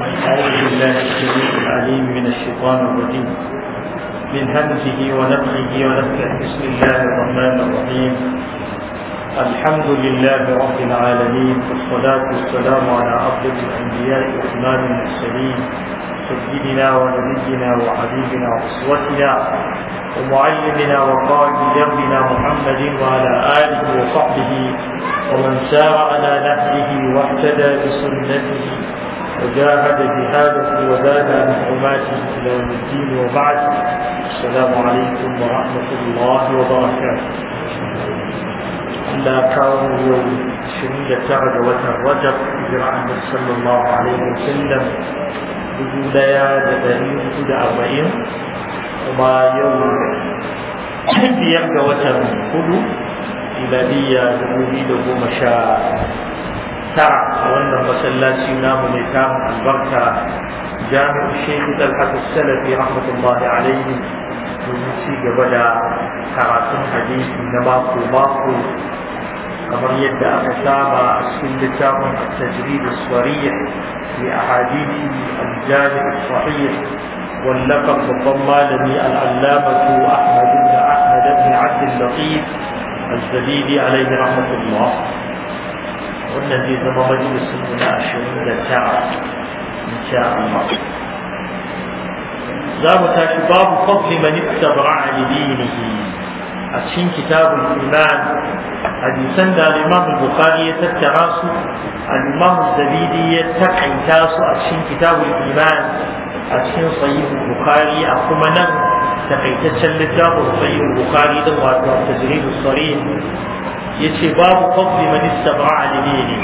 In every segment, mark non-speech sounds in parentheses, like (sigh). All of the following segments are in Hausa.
أعوذ بالله السميع العليم من الشيطان الرجيم من همزه ونفخه ونفخه بسم الله الرحمن الرحيم الحمد لله رب العالمين والصلاة والسلام على أفضل الأنبياء وإمام المرسلين سيدنا ونبينا وحبيبنا وأسوتنا ومعلمنا وقائد دربنا محمد وعلى آله وصحبه ومن سار على نهجه واهتدى بسنته وجاهد جهاده وزاد عن حرماته الى يوم الدين وبعد السلام عليكم ورحمه الله وبركاته. لا كون يوم شنية تعد وترجب إجراء النبي صلى الله عليه وسلم بدون يا دليل كل أربعين وما يوم حد يبقى وتر هدو إلى دي دبوبي دبو مشاعر tara a wannan masallaci namu mai tarin albarka jami'u shekhu talhatu salafi rahmatullahi alaihi domin ci gaba da karatun hadisi na mako mako kamar yadda aka saba a cikin littafin tajiri da sarih li ahadithi al-jami' as wallafar babban malami al-allamatu da ibn ahmad ibn abd al-latif الزبيدي عليه رحمة الله wannan zai zama majalisun mu na ashirin da tara insha Allah za mu tashi babu fadli mani ittabara li dinihi a cikin kitabul iman hadisan da al Bukhari ya tattara su al Zabidi ya takaita su a cikin kitabul iman a cikin sahih Bukhari a kuma nan takaitaccen littafin sahih Bukhari da wato tajridu sarih yace babu fadli man istaba'a alayhi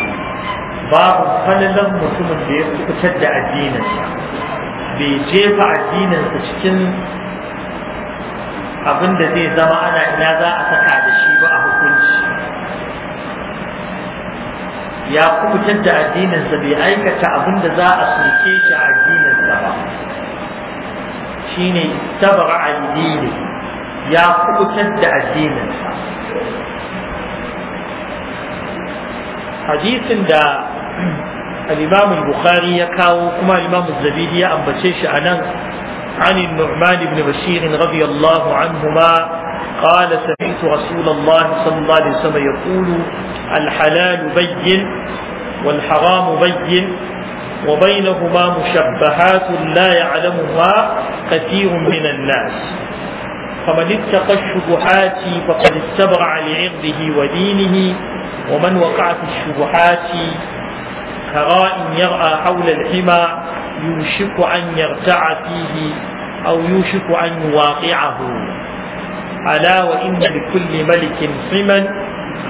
babu falalan mutumin da ya fitar da addininsa bai jefa addininsa cikin abin da zai zama ana ina za a saka da shi ba a hukunci ya kubutar da addininsa bai aikata abin da za a soke shi a addininsa ba shine tabara addini ya kubutar da addininsa hadisin da الإمام البخاري يكاو كما الإمام الزبيدي أنبتشيش أنا عن النعمان بن بشير رضي الله عنهما قال سمعت رسول الله صلى الله عليه وسلم يقول الحلال بين والحرام بين وبينهما مشبهات لا يعلمها كثير من الناس فمن اتقى الشبهات فقد استبرع لعرضه ودينه ومن وقع في الشبهات كراء يرأى حول الحمى يوشك أن يرتع فيه أو يوشك أن يواقعه ألا وإن لكل ملك حما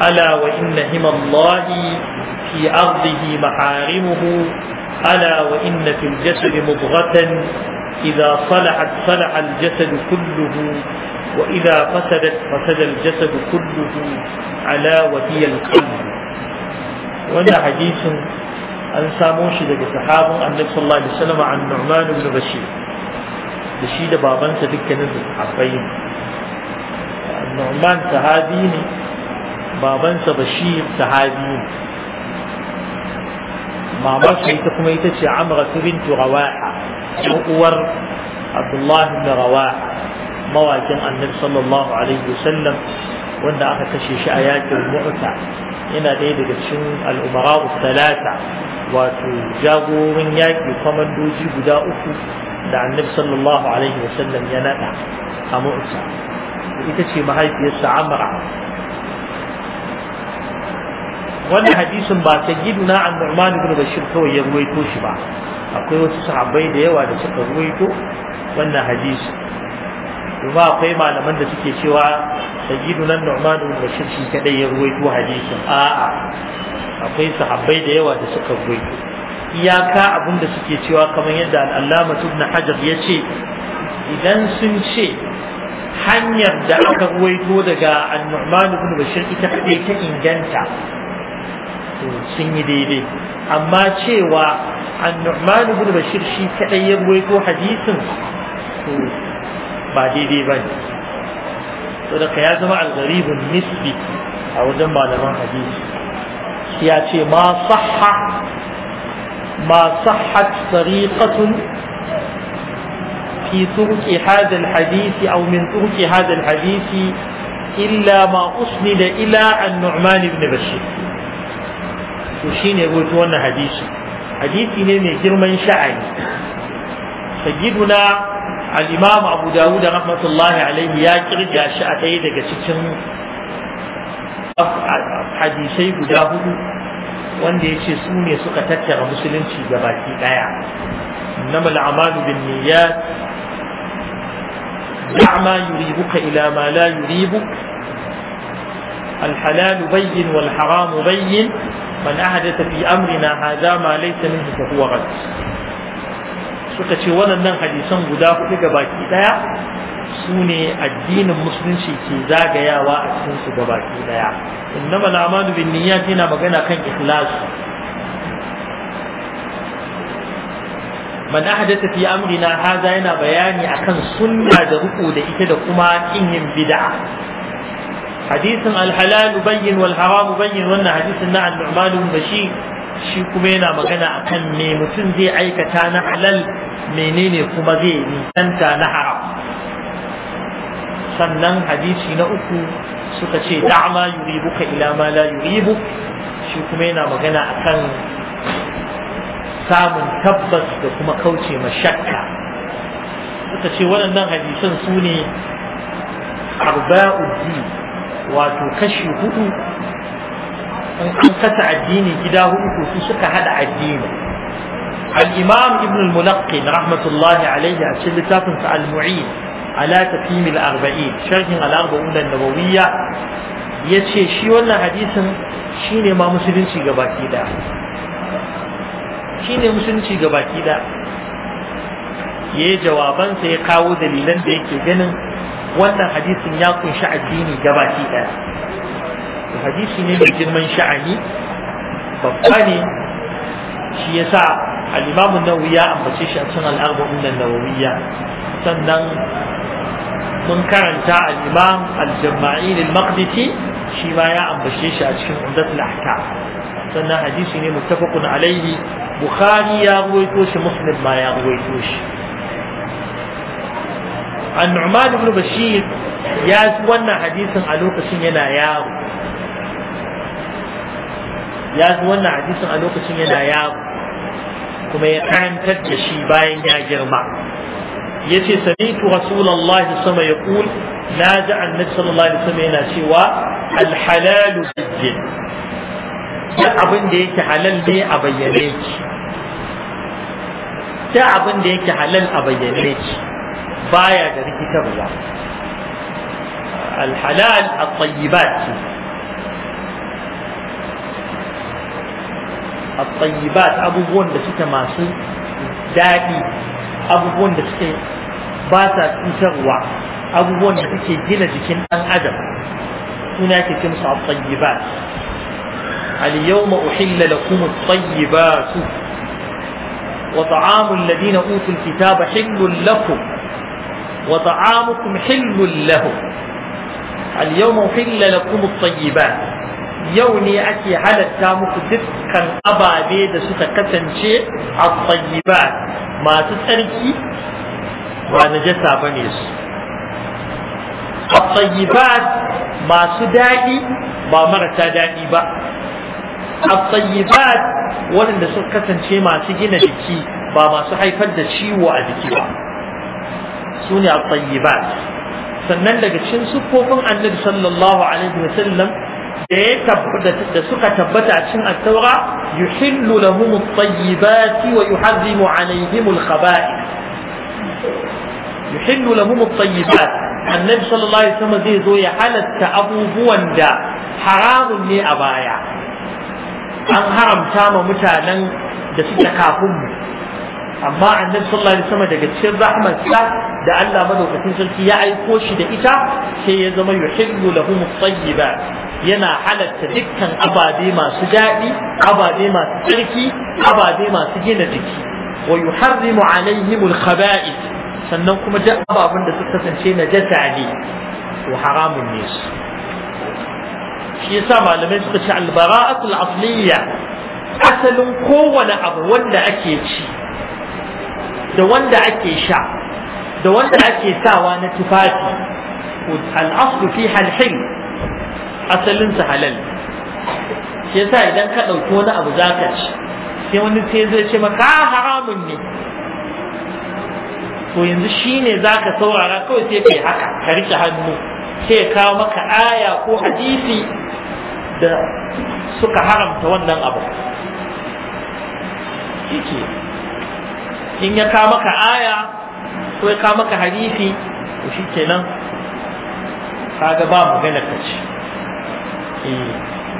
ألا وإن هم الله في أرضه محارمه ألا وإن في الجسد مضغة إذا صلحت صلح الجسد كله وإذا فسدت فسد الجسد كله على وهي القلب وانا حديث أن ساموش لك صحابة النبي صلى الله عليه وسلم عن نعمان بن بشير بشير بابان سدك نزل حقين النعمان صحابين بابان بشير تهاديني ما مرسل تقوم عمرة بنت رواحة yan uwar Abdullahi da Rawa mawakin Annabi sallallahu alaihi wasallam wanda aka kashe shi a yakin Mu'ta yana ɗaya daga cikin al'umara talata wato jagorin yaƙi kwamandoji guda uku da Annabi sallallahu alaihi wasallam ya naɗa a Mu'ta ita ce mahaifiyarsa amara wannan hadisin ba ta giduna an Nu'man ibn Bashir kawai ya ruwaito shi ba akwai wasu sahabbai da yawa da suka ruwaito wannan hadisi kuma akwai malaman da suke cewa sayyiduna Nu'man ibn Bashir shi kadai ya ruwaito hadisin a'a akwai sahabbai da yawa da suka ruwaito iyaka abin da suke cewa kamar yadda al-Allama Ibn Hajar ya ce idan sun ce hanyar da aka ruwaito daga annu'man ibn bashir ita kadai ta inganta sun yi daidai amma cewa annu'man ibn bashir shi kadai ya ruwaito hadisin to ba daidai ba ne ka ya zama al nisbi a wajen malaman hadisi shi ya ce ma sahha ma sahhat tariqatun في طرق hadisi, الحديث أو من طرق هذا الحديث إلا ما ila an النعمان بن bashir. to shine rubuta wannan hadisi hadisi ne mai girman sha'ani sayyiduna al-imam abu dawud rahmatullahi alaihi ya kirga shi a ɗaya daga cikin hadisai guda hudu wanda ya ce su ne suka tattara musulunci ga baki ɗaya innamal a'malu bin niyyat دع يريبك إلى ما لا يريبك الحلال بين والحرام بين man ahdatha fi amrina hadha ma laysa minhu fa huwa rad suka ce waɗannan hadisan guda ga baki daya su ne addinin musulunci ke zagayawa a cikin su gabaki daya innama al'amalu bin niyyat yana magana kan ikhlas man ahdatha fi amrina hadha yana bayani akan sunna da ruku da ita da kuma kin yin bid'a hadisin alhalal bayyin wal haram bayyin wannan hadisin na al-nu'man ibn bashir shi kuma yana magana akan me mutum zai aikata na halal menene kuma zai nisanta na haram sannan hadisi na uku suka ce da'ama yuribuka ila ma la yuribu? shi kuma yana magana akan samun tabbas da kuma kauce ma shakka suka ce waɗannan hadisan su ne arba'uddi wato kashi hudu an kasa addini gida hudu su suka hada addini al-imam ibn al-mulaqqin rahmatullahi alayhi a cikin littafin sa al-mu'in ala tafhim al-arba'in sharhin al-arba'un an-nawawiyya yace shi wannan hadisin shine ma musulunci gabaki da shine musulunci gabaki da yayi jawabansa ya kawo dalilan da yake ganin wannan hadisin ya kunshi addini gabaki daya hadisi ne mai girman sha'ani babba ne shi yasa sa imam an ya ambace shi a cikin al da an sannan mun karanta al al-Jama'in al-Maqdisi shi ma ya ambace shi a cikin Umdat al sannan hadisi ne muttafaqun alaihi. Bukhari ya ruwaito shi Muslim ma ya ruwaito shi annu'man ibn bashir ya ji yaro ya ji wannan hadisin a lokacin yana kuma ya karantar da shi bayan ya girma ya ce samitu rasulallah sama ya kul na ji annabi sallallahu alaihi wasallam yana cewa alhalalu bayyin duk abin da yake halal ne a bayyane ki abin da yake halal a bayyane كفاية ذكي الحلال الطيبات الطيبات أبو بون بس تماسل دائي أبو بون بس باسا تنسغوا أبو بون بس كيدينا جيكين أن أدب هناك تمسع الطيبات اليوم أحل لكم الطيبات وطعام الذين أوتوا الكتاب حل لكم وطعامكم حل لهم اليوم أحل لكم الطيبات yau ne ake halarta muku dukkan ababe da suka kasance a tsayiba masu tsarki ba na jasa ba ne su a tsayiba masu daɗi ba marasa daɗi ba a tsayiba waɗanda suka kasance masu gina biki ba masu haifar da ciwo a biki ba su ne a tsayibat sannan daga cikin siffofin annabi sallallahu alaihi wasallam da suka tabbata a cikin attaura yuhillu lahum at-tayyibati wa yuharrimu alaihim al-khaba'ith yuhillu lahum at-tayyibat annabi sallallahu alaihi wasallam zai zo ya halatta abubuwan da haramun ne a baya an haramta ma mutanen da suke kafin mu amma annabi sallallahu alaihi wasallam daga cikin sa da Allah madaukakin sarki ya aiko shi da ita sai ya zama yuhibbu lahum at yana halatta dukkan ababe masu daɗi ababe masu tsarki ababe masu gina jiki wa yuharrimu alaihim al-khaba'ith sannan kuma duk ababen da suka kasance na jasa ne to haramun ne su shi yasa malamai suka ce al-bara'atul asliya asalin kowane abu wanda ake ci da wanda ake sha da wanda ake sawa na tufafi al'aslu fi halhil asalinsa halal shi yasa idan ka ɗauki wani abu zaka ci sai wani sai zai ce maka ah, haramun ne to yanzu shi za zaka saurara kawai sai kai haka ka rike hannu sai kawo maka aya ko hadisi da suka haramta wannan abu shi in ya ka maka aya ko ya ka maka hadisi to shi kenan kaga ba magana ka ce eh,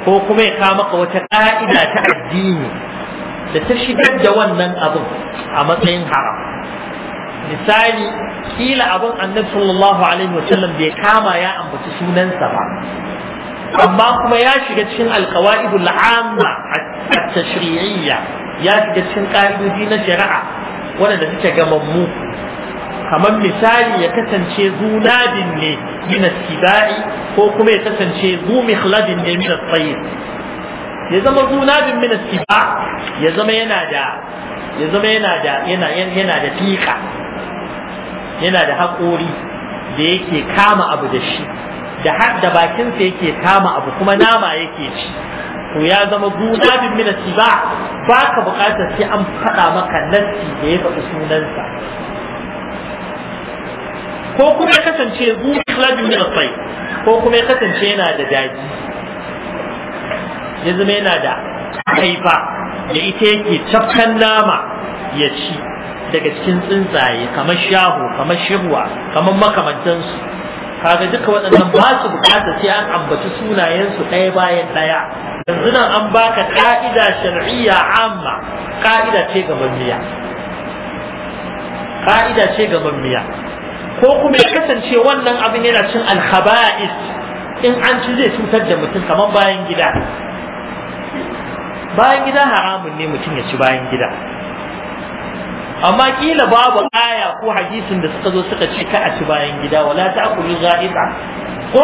ko kuma ya ka maka wata ƙa'ida ta addini da ta shigar da wannan abin a matsayin haram misali kila abin annabi sallallahu alaihi wasallam bai kama ya ambaci sunansa ba amma kuma ya shiga cikin alkawa'idul amma at-tashri'iyya ya shiga cikin ka'idoji na shari'a waɗanda suke gamammu kamar misali ya kasance zunadin ne gina tibai ko kuma ya kasance zu mihladin ne min tsayin ya zama zunadin ladin min tiba ya zama yana da ya zama yana da yana yana da fika yana da haƙori da yake kama abu da shi da har da bakinsa yake kama abu kuma nama yake ci to ya zama bin min ba ba ka buƙatar sai an faɗa maka nassi da ya faɗi sunansa ko kuma ya kasance gudabin min sai ko kuma ya kasance yana da daji ya zama yana da haifa da ita yake cafkan nama ya ci daga cikin tsuntsaye kamar shaho, kamar shirwa kamar makamantansu kaga duka waɗannan ba su bukata sai an ambaci sunayensu ɗaya bayan ɗaya yanzu nan an baka ka'ida shar'iyya amma ka'ida ce ga mamiya ka'ida ce ga mamiya ko kuma ya kasance wannan abin yana cin alhaba'is in an ci zai cutar da mutum kamar bayan gida bayan gida haramun ne mutum ya ci bayan gida amma kila babu aya ko hadisin da suka zo suka ce ka a ci bayan gida wala ta ta'kulu za'iba ko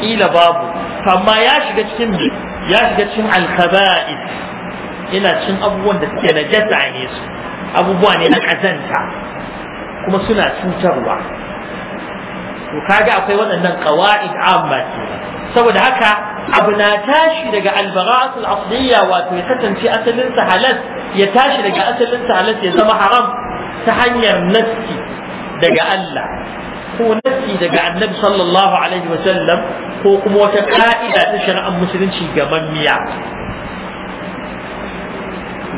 kila babu amma ya shiga cikin ya shiga cikin al ina cin abubuwan da suke najasa ne su abubuwa ne na kazanta kuma suna cutarwa to kaga akwai waɗannan qawaid amma saboda haka abu na tashi daga albara'atul asliya wato ya kasance asalin sa halal ya tashi daga asalin sa halal ya zama haram ta hanyar nassi daga Allah ko nassi daga Annabi sallallahu alaihi wa sallam ko kuma wata ka'ida ta shari'ar musulunci gaban miya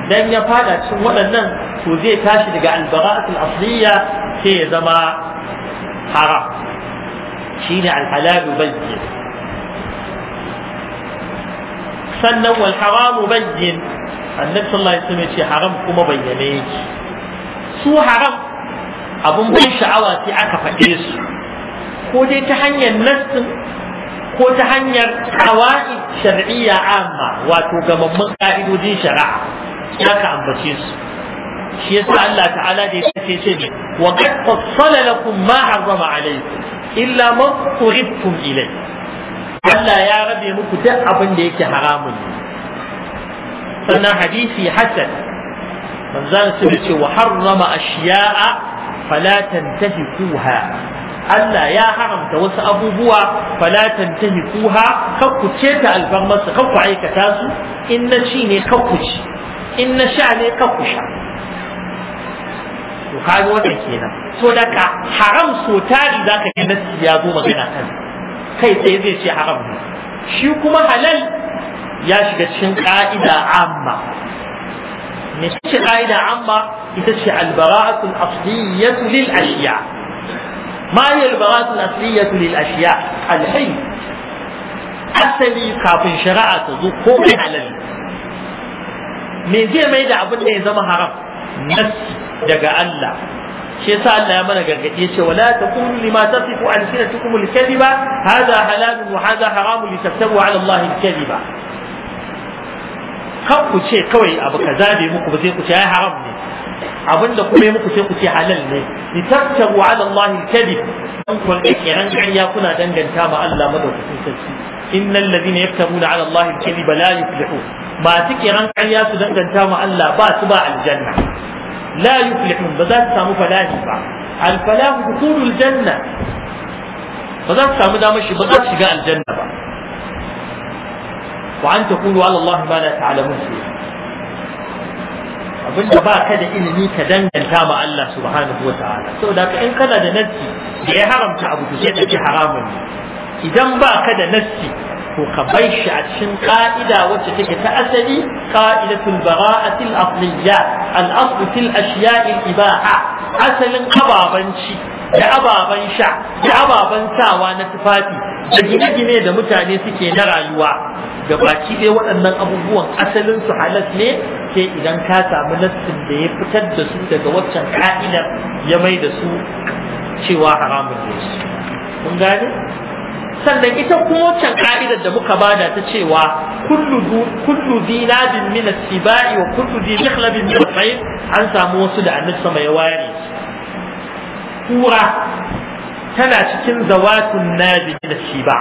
idan ya fada cikin waɗannan to zai tashi daga albara'atul asliya sai ya zama haram shine alhalalu bayyin sannan wal haramu bayyin annabi sallallahu alaihi wasallam ce haram kuma bayyane yake su haram abun ban sha'awa sai aka faɗe su ko dai ta hanyar nassin ko ta hanyar kawai shar'iyya amma wato gamammun ka'idojin shari'a ya ka ambace su shi yasa Allah ta'ala da ya ce ce ne wa qad fassala lakum ma harrama alaykum illa ma quribtum ilayhi Allah ya rabe muku duk abin da yake haramun ne sannan hadisi hasan manzan su ce wa harrama ashiya'a tafi kuha. Allah ya haramta wasu abubuwa fala tantahikuha kar ku ta alfarmarsa kar ku aikata su in na ci ne ku ci in na sha ne kar ku sha to wannan kenan so daga haram so tari zaka ga nasi ya zo magana kan kai tsaye zai ce haram shi kuma halal ya shiga cikin ƙa'ida amma me ce ƙa'ida amma ita ce albara'atul asliyatu lil ashiya ma hiya albara'atul asliyatu lil ashiya alhayy asali kafin shari'a ta zo ko komai halal me zai mai da abin da ya zama haram nas daga Allah shi yasa Allah ya mana gargadi yace wala taqulu lima tasifu alsinatukum alkadhiba hadha halal wa hadha haram litaftaru ala Allah alkadhiba kan ku ce kawai abu kaza bai muku ba sai ku ce ai haram ne abinda kuma yi muku sai ku ce halal ne litaftaru ala Allah alkadhib dan ku ga kiran ganya kuna danganta ma Allah madaukakin sarki innal ladina yaftaruna ala Allah alkadhiba la yuflihun su kiran ganya su danganta ma Allah ba su ba aljanna la yuflihun ba za su samu falahi ba al falahu dukhulul janna ba za su samu damar shiga aljanna ba wa an taqulu abinda ba ka da ilimi ka danganta ma Allah subhanahu wa ta'ala saboda ka in kana da nassi da ya haramta abu to sai ka ci haramun idan ba ka da nassi to ka bai shi a cikin ka'ida wacce take ta asali ka'idatul bara'atil asliya al-asl fil ashiya'il ibaha asalin ababanci da ababan sha da ababan sawa na tufafi da gine-gine da mutane suke na rayuwa da baki dai waɗannan abubuwan asalin su halas ne sai idan ka samu nassin da ya fitar da su daga waccan ka'idar ya mai da su cewa haramun Yesu. kun gane sannan ita kuma wancan ka'idar da muka bada ta cewa kullu zinabin min as-sibai wa kullu zi mikhlabin min al an samu wasu da annabi sama ya ware kura tana cikin zawatun nabi da ba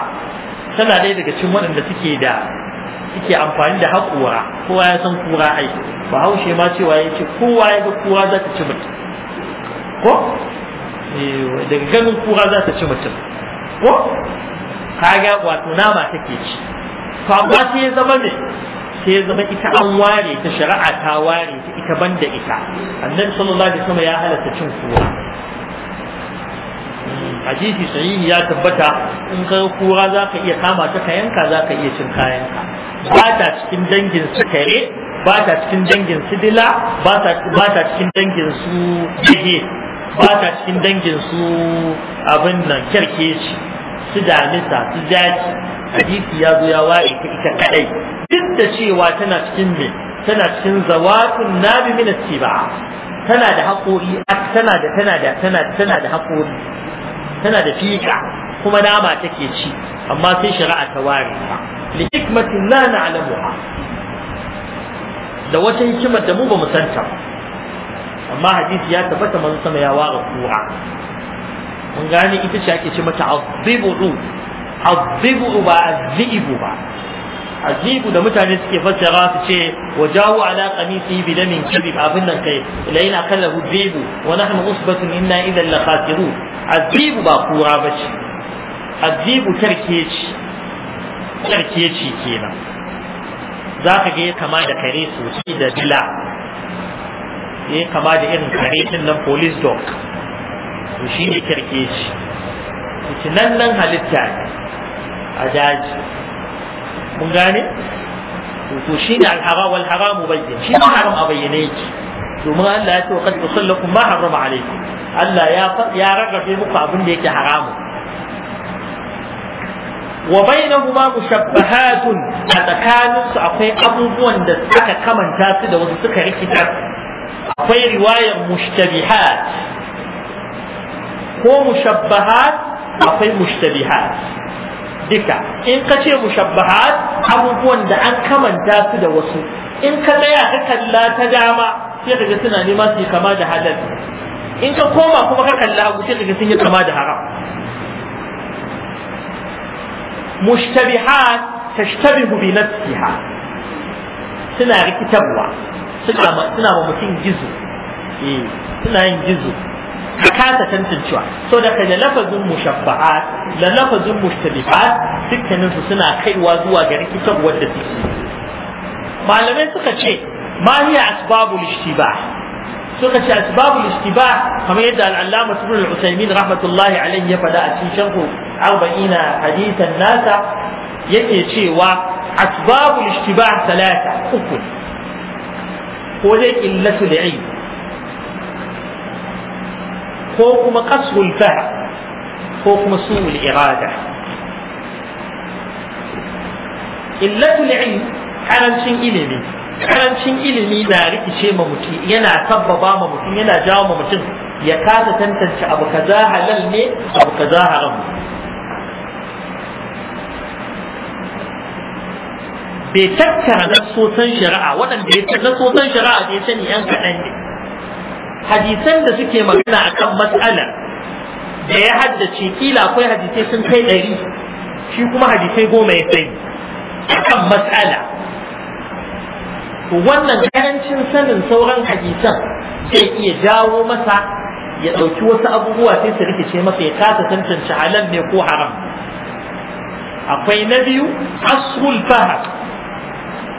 tana dai daga cikin waɗanda suke da suke amfani da haƙura kowa ya san kura ai ba haushe ma cewa ya ce kowa ya ga kura za ta ci mutum ko eh, daga ganin kura za ta ci mutum ko kaga wato nama take ci to amma sai ya zama ne sai ya zama ita an ware ta shari'a ta ware ta ita banda ita annabi sallallahu alaihi wasallam ya halatta cin kura hadisi sahihi ya tabbata in ka kura za iya kama ta ka yanka za iya cin kayanka ba ta cikin dangin kare, ba ta cikin dangin sidila ba ta cikin dangin su dige ba ta cikin dangin su abin nan kyarkeci su damisa su zaki hadisi ya zo ya ware ta ita kadai duk da cewa tana cikin me tana cikin zawatun nabi min tiba tana da haƙori tana da tana da tana tana da haƙori tana da fika kuma nama take ci amma sai shari'a ta ware ta li hikmatin la na'lamuha da wata hikimar da mu ba mu santa amma hadisi ya tabbata manzo sama ya ware kuwa mun gane ita ce ake ce mata azibu azzibu ba azzibu ba azibu da mutane suke fassara su ce wa jawu ala qamisi bi damin kadhib abin nan kai la ina kallahu zibu wa nahnu usbatun inna idan la khasirun azibu ba kura bace azibu tarke ce tarke ce kenan zaka ga kama da kare sosai da dila ya kama da irin kare din nan police dog to shi ne kirkeci fitinan halitta ne a daji mun gane to shi ne alhara wal haramu shi ne haram a bayyane yake domin Allah ya ce wa qad usallakum ma harrama alaykum Allah ya rarrafe muku abin da yake haramu wa bainahuma mushabbahatun a tsakanin su akwai abubuwan da suka kamanta su da wasu suka rikita akwai riwayar mushtabihat ko mushabbahat akwai mushtabihat duka in ka ce mushabbahat abubuwan da an kamanta su da wasu in ka tsaya ka kalla ta dama sai kaga suna nema su yi kama da halal in ka koma kuma ka kalla abu sai kaga sun yi kama da haram mushtabihat tashtabihu bi nafsiha suna rikitarwa suna ma mutum gizo eh, suna yin gizo Su kasa tantancewa so da kai da lafazin mushabba'at da lafazin mushtalifat dukkanin su suna kaiwa zuwa ga rikitar wadda suke malamai suka ce ma hiya asbabul ishtibah suka ce asbabul ishtibah kamar yadda al-allama ibn al-usaymin rahmatullahi alayhi ya faɗa a cikin sharhu 40 hadithan nasa yake cewa asbabul ishtibah talata uku ko dai qillatul ilm ko kuma qasul fahm ko kuma su'ul irada illatul ilm karancin ilimi karancin ilimi na rikice ma mutum yana sabbaba ma mutum yana jawo ma mutum ya kasa tantance abu kaza halal ne abu kaza haram bai tattara nasosan shari'a waɗanda ya nasosan shari'a da ya sani yan kaɗan ne hadisan da suke magana akan matsala da ya haddace kila akwai hadisai sun kai ɗari shi kuma hadisai goma ya a kan matsala wannan karancin sanin sauran hadisan zai iya jawo masa ya ɗauki wasu abubuwa sai su rikice masa ya kasa tantance halal ne ko haram akwai na biyu asrul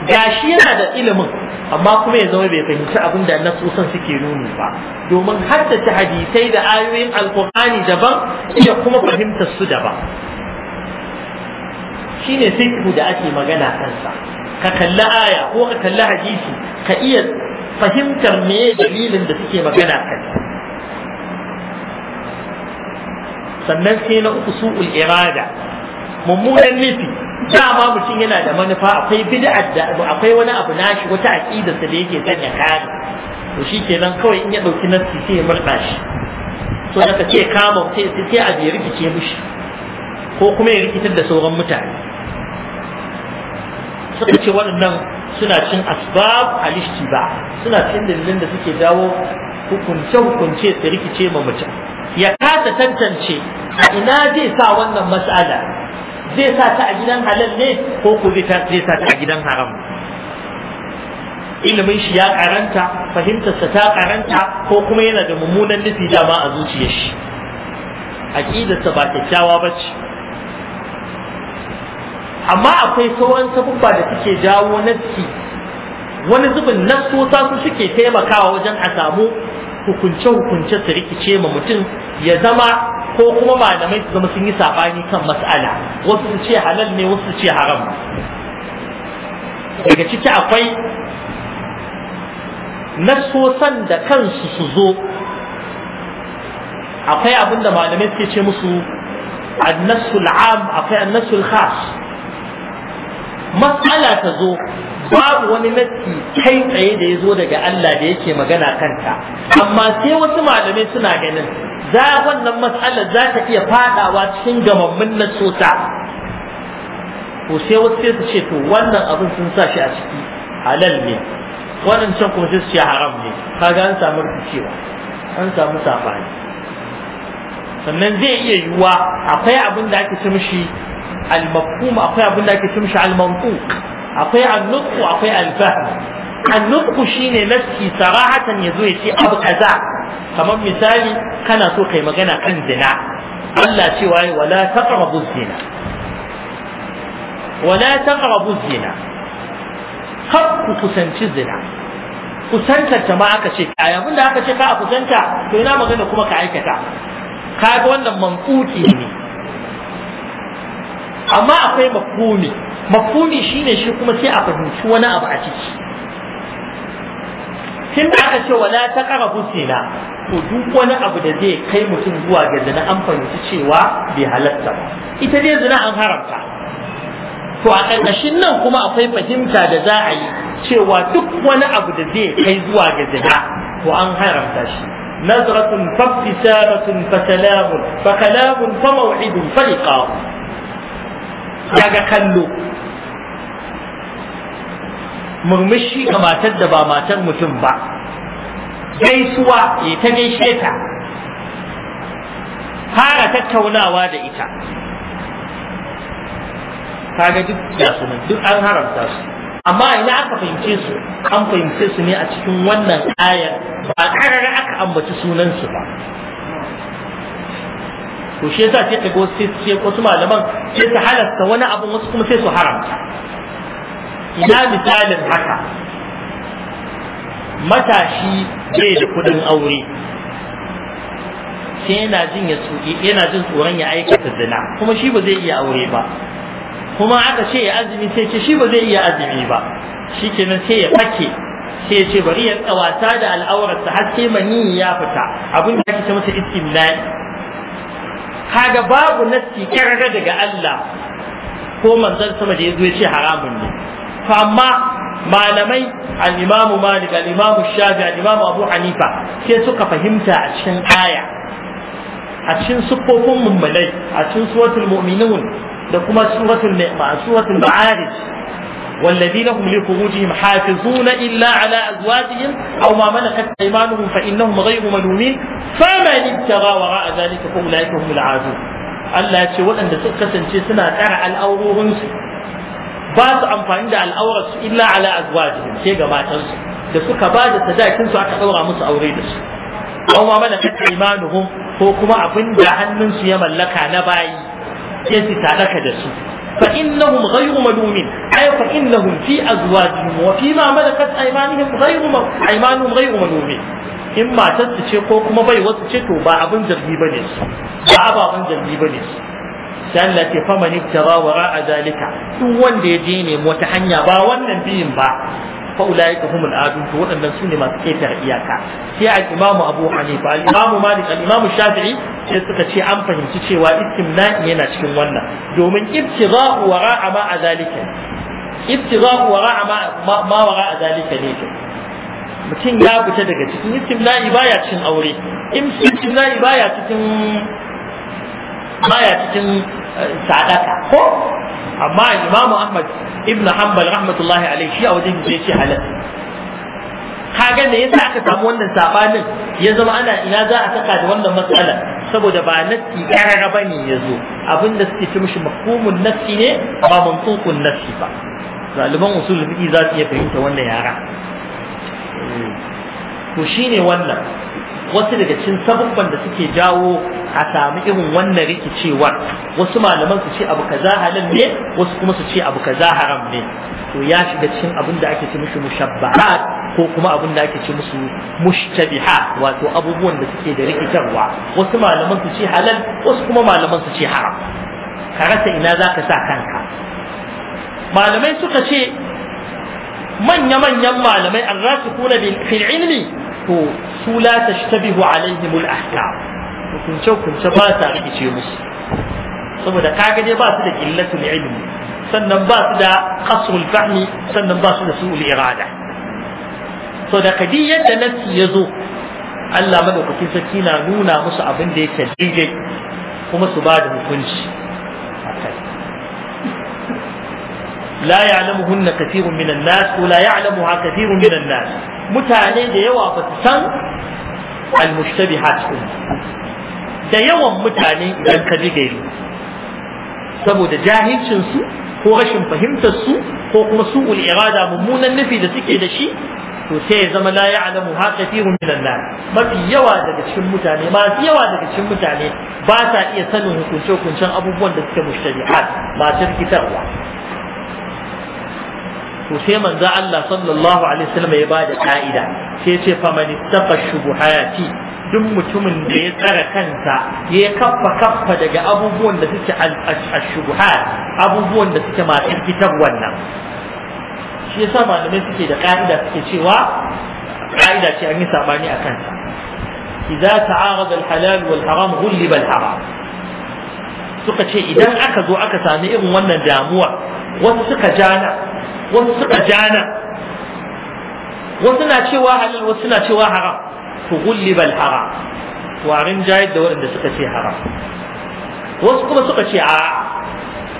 gashi yana da ilimin amma kuma ya zama bai fahimci abin da nasusan suke nuni ba domin haddace hadisai da ayoyin alkur'ani daban iya kuma fahimtar su daban shine fiqhu da ake magana kansa ka kalli aya ko ka kalli hadisi ka iya fahimtar me dalilin da suke magana kansa sannan sai na uku su'ul irada mummunan nufi dama mutum yana da manufa akwai bid'ar da akwai wani abu nashi wata aqida sa da yake son ya kare to kenan kawai in ya dauki nasi sai ya murda shi to da kace kama sai sai a je rikice mishi ko kuma ya rikitar da sauran mutane suka ce waɗannan suna cin asbab al-ishtiba suna cin dalilan da suke dawo hukunce hukunce su rikice ma mutum ya kasa tantance ina zai sa wannan mas'ala zai sa ta a gidan halal ne ko ku zai sa ta a gidan haram ilimin shi ya karanta fahimtarsa ta karanta ko kuma yana da mummunan nufi dama a zuciyar shi aqidarsa ba kyakkyawa ba ce amma akwai sauran sabubba da suke jawo nassi wani zubin ta su suke taimakawa wajen a samu hukunce-hukunce su rikice ma mutum ya zama ko kuma malamai su zama sun yi sabani kan mas'ala wasu su ce halal ne wasu su ce haram daga ciki akwai nasosan da kansu su zo akwai abin da malamai suke ce musu annasul am akwai annasul khas mas'ala ta zo babu wani nassi kai tsaye da ya zo daga Allah da yake magana kanta amma sai wasu malamai suna ganin za wannan matsalar za ta iya fadawa cikin gamammin nasota Ko sai wasu sai su ce to wannan abin sun sa shi a ciki halal ne wannan can kuma sai su ce haram ne kaga an samu rikicewa an samu safari. sannan zai iya yiwuwa akwai abin da ake ce mishi al-mafhum akwai abin da ake ce mishi al-mantuq akwai annutku akwai alfahm annutku shine nafsi sarahatan yazo ya ce abu kaza kamar misali kana so kai magana kan zina Allah cewa yi wala taqrabu zina wala taqrabu zina kar kusanci zina kusantar ta ma aka ce a yayin da aka ce ka a kusanta to ina magana kuma ka aikata Ka ga wannan manquti ne amma akwai mafhumi mafhumi shine shi kuma sai a fahimci wani abu a ciki tun da aka ce wala ta karabu zina to duk wani abu da zai kai mutum zuwa ga zina an fahimci cewa bai halatta ba ita dai zina an haramta to a ƙarƙashin nan kuma akwai fahimta da za a yi cewa duk wani abu da zai kai zuwa ga zina to an haramta shi نظرة فابتسامة فسلام فكلام فموعد فلقاء ya ga kallo murmushi ga matar da ba matar mutum ba gaisuwa ya ta gaishe ta fara tattaunawa da ita kaga duk ya duk an haramta su amma ina aka fahimce su an fahimce su ne a cikin wannan ayar ba ƙarar aka ambaci sunansu ba to shi yasa sai kaga wasu sai wasu malaman sai su halasta wani abun wasu kuma sai su haramta ina misalin haka matashi bai da kudin aure sai yana jin ya yana jin tsoron ya aikata zina kuma shi ba zai iya aure ba kuma aka ce ya azumi sai ce shi ba zai iya azumi ba shi shikenan sai ya fake sai ya ce bari ya tsawata da al'aurarsa har sai mani ya fita abin da ake ce masa istimna'i kaga babu nassi karara daga Allah ko manzon sama da yazo yace haramun ne to amma malamai al-Imam Malik al-Imam Shafi al-Imam Abu Hanifa sai suka fahimta a cikin aya a cikin sukofin mummalai a cikin suratul mu'minun da kuma suratul suratul ma'arij والذين هم لفروجهم حافظون إلا على أزواجهم أو ما ملكت أيمانهم فإنهم غير ملومين فمن ابتغى وراء ذلك فأولئك هم العادون Allah ya ce waɗanda suka kasance suna tsara al'aurorinsu ba su amfani da al'aurarsu illa ala azwajihim sai ga matansu da suka ba da sadakin su aka ɗaura musu aure da su aw ma malakat imanuhum ko kuma abin da hannunsu ya mallaka na bayi sai su da su فإنهم غير ملومين أي فإنهم في أزواجهم وفيما ملكت أيمانهم غير أيمانهم غير ملومين in matar ce ko kuma bai wasu ce to ba abin zargi ba ne ba ababen zargi ba ne sai Allah ke fama ni zalika duk wanda ya je wata hanya ba wannan biyin ba fa ulaika humul adun waɗannan su ne masu ƙetare iyaka sai al-imamu abu hanifa al-imamu shafi'i sai suka ce an fahimci cewa istimna'i yana cikin wannan domin ibtida'u wara'a ma a zalika ibtida'u wara'a mutum ya fita daga cikin istimna'i baya cikin aure istimna'i baya cikin baya cikin sadaka ko amma imamu ahmad ibn hanbal rahmatullahi alaihi shi a wajen ya ce halal ga da yasa aka samu wannan sabanin ya zama ana ina za a saka da wannan matsala saboda ba nassi karara ya zo abinda suke ce mishi mafhumun nassi ne ba mantuqun nassi ba Zaluman usul fiqi za su iya fahimta wannan yara to shine wannan wasu daga cikin sabubban da suke jawo a samu irin wannan rikicewar wasu malaman su ce abu kaza halal ne wasu kuma su ce abu kaza haram ne to ya shiga cikin abin da ake ce musu mushabbahat ko kuma abin da ake ce musu mushtabiha wato abubuwan da suke da rikitarwa wasu malaman su ce halal wasu kuma malaman su ce haram ka rasa ina za ka sa kanka malamai suka ce manya-manyan malamai an rasu kuna fil ilmi to su la tashtabihu alaihim al-ahkam hukunce hukunce ba ta rikice musu saboda kaga dai ba su da illatul ilmi sannan ba su da qasrul fahmi sannan ba su da su'ul irada to da kadi yadda nafsi ya zo Allah madaukakin sarki na nuna musu abin da yake daidai kuma su ba da hukunci لا يعلمهن كثير من الناس ولا يعلمها كثير من الناس mutane da yawa ba su san almushtabi mushtabihat da yawan mutane idan ka ji gari saboda jahilcin su ko rashin fahimtar su ko kuma su'ul irada mummunan nufi da suke da shi to sai ya zama la ya'lamu ha kathirun min an mafi yawa daga cikin mutane masu yawa daga cikin mutane ba sa iya sanin hukunce hukuncen abubuwan da suke mushtabihat masu rikitarwa to sai manzo Allah sallallahu alaihi wasallam ya bada ka'ida sai ya ce faman ittaqa shubuhati duk mutumin da ya tsara kansa ya kaffa kaffa daga abubuwan da suke ashubuhat abubuwan da suke masu fitar wannan shi yasa malamai suke da ka'ida suke cewa ka'ida ce an yi sabani a kansa. idza ta'arada al-halal wal haram al-haram suka ce idan aka zo aka sami irin wannan damuwa wasu suka jana wasu suka jana wasu na cewa halal wasu suna cewa haram to gullibal haram arin jayar da waɗanda suka ce haram wasu kuma suka ce a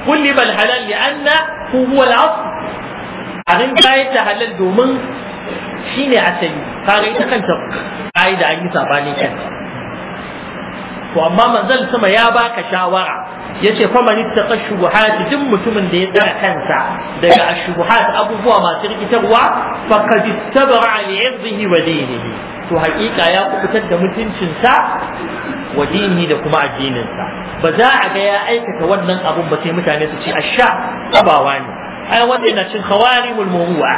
gullibal halal ya anna huwa al-asl arin jayar da halal domin shine asali kaga ita kanta ai da an yi sabani kanta to amma manzon sama ya baka shawara yace fa man ittaqa shubuhat duk mutumin da ya tsara kansa daga shubuhat abubuwa masu rikitarwa faqad istabara li irdihi wa dinihi to haƙiƙa ya kubutar da mutuncinsa wa dinihi da kuma addininsa ba za a ga ya aikata wannan abun ba sai mutane su ce asha abawa ne ai wanda yana cin khawarimul mawu'a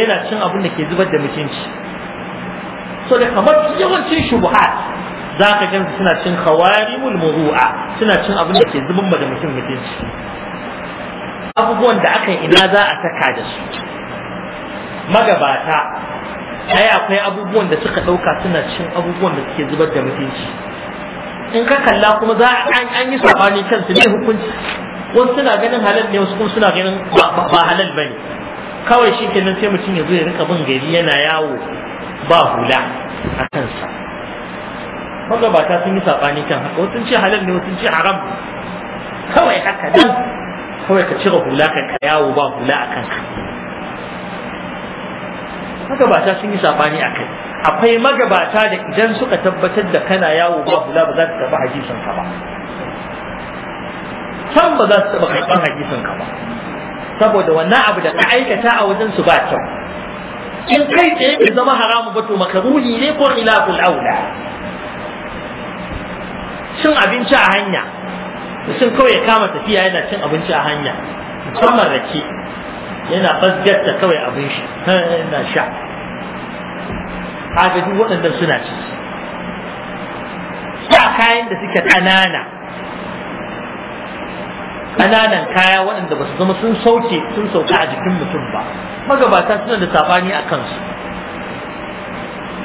yana cin abun da ke zubar da mutunci so da kamar yawancin shubuhat za ka gansu suna cin khawarimul muru'a suna cin abin da ke zubin da mutum mutunci abubuwan da aka ina za a saka da su magabata ai akwai abubuwan da suka ɗauka suna cin abubuwan da suke zubar da mutunci in ka kalla kuma za an yi sabani su ne hukunci wasu suna ganin halal ne wasu kuma suna ganin ba halal ba ne kawai shi kenan sai mutum ya zo ya rika bin gari yana yawo ba hula a kansa magabata sun yi saɓani kan haka wasu ce halal ne wasu ce haram kawai haka nan kawai ka cire hula ka ka yawo ba hula a kanka magabata sun yi saɓani a kai akwai magabata da idan suka tabbatar da kana yawo ba hula ba za su taɓa hadisin ka ba can ba za su taɓa karɓar hadisin ka ba saboda wannan abu da ka aikata a wajen su ba kyau in kai tsaye bai zama haramu ba to makaruni ne ko ila khilaful aula cin abinci a hanya mutum kawai ya kama tafiya yana cin abinci a hanya musamman rake yana fasgarta kawai abin shi (laughs) yana sha kaga duk waɗanda suna ci sa kayan da suke ƙanana ƙananan kaya waɗanda ba su zama sun sauke sun sauka a jikin mutum ba magabata suna da sabani a kansu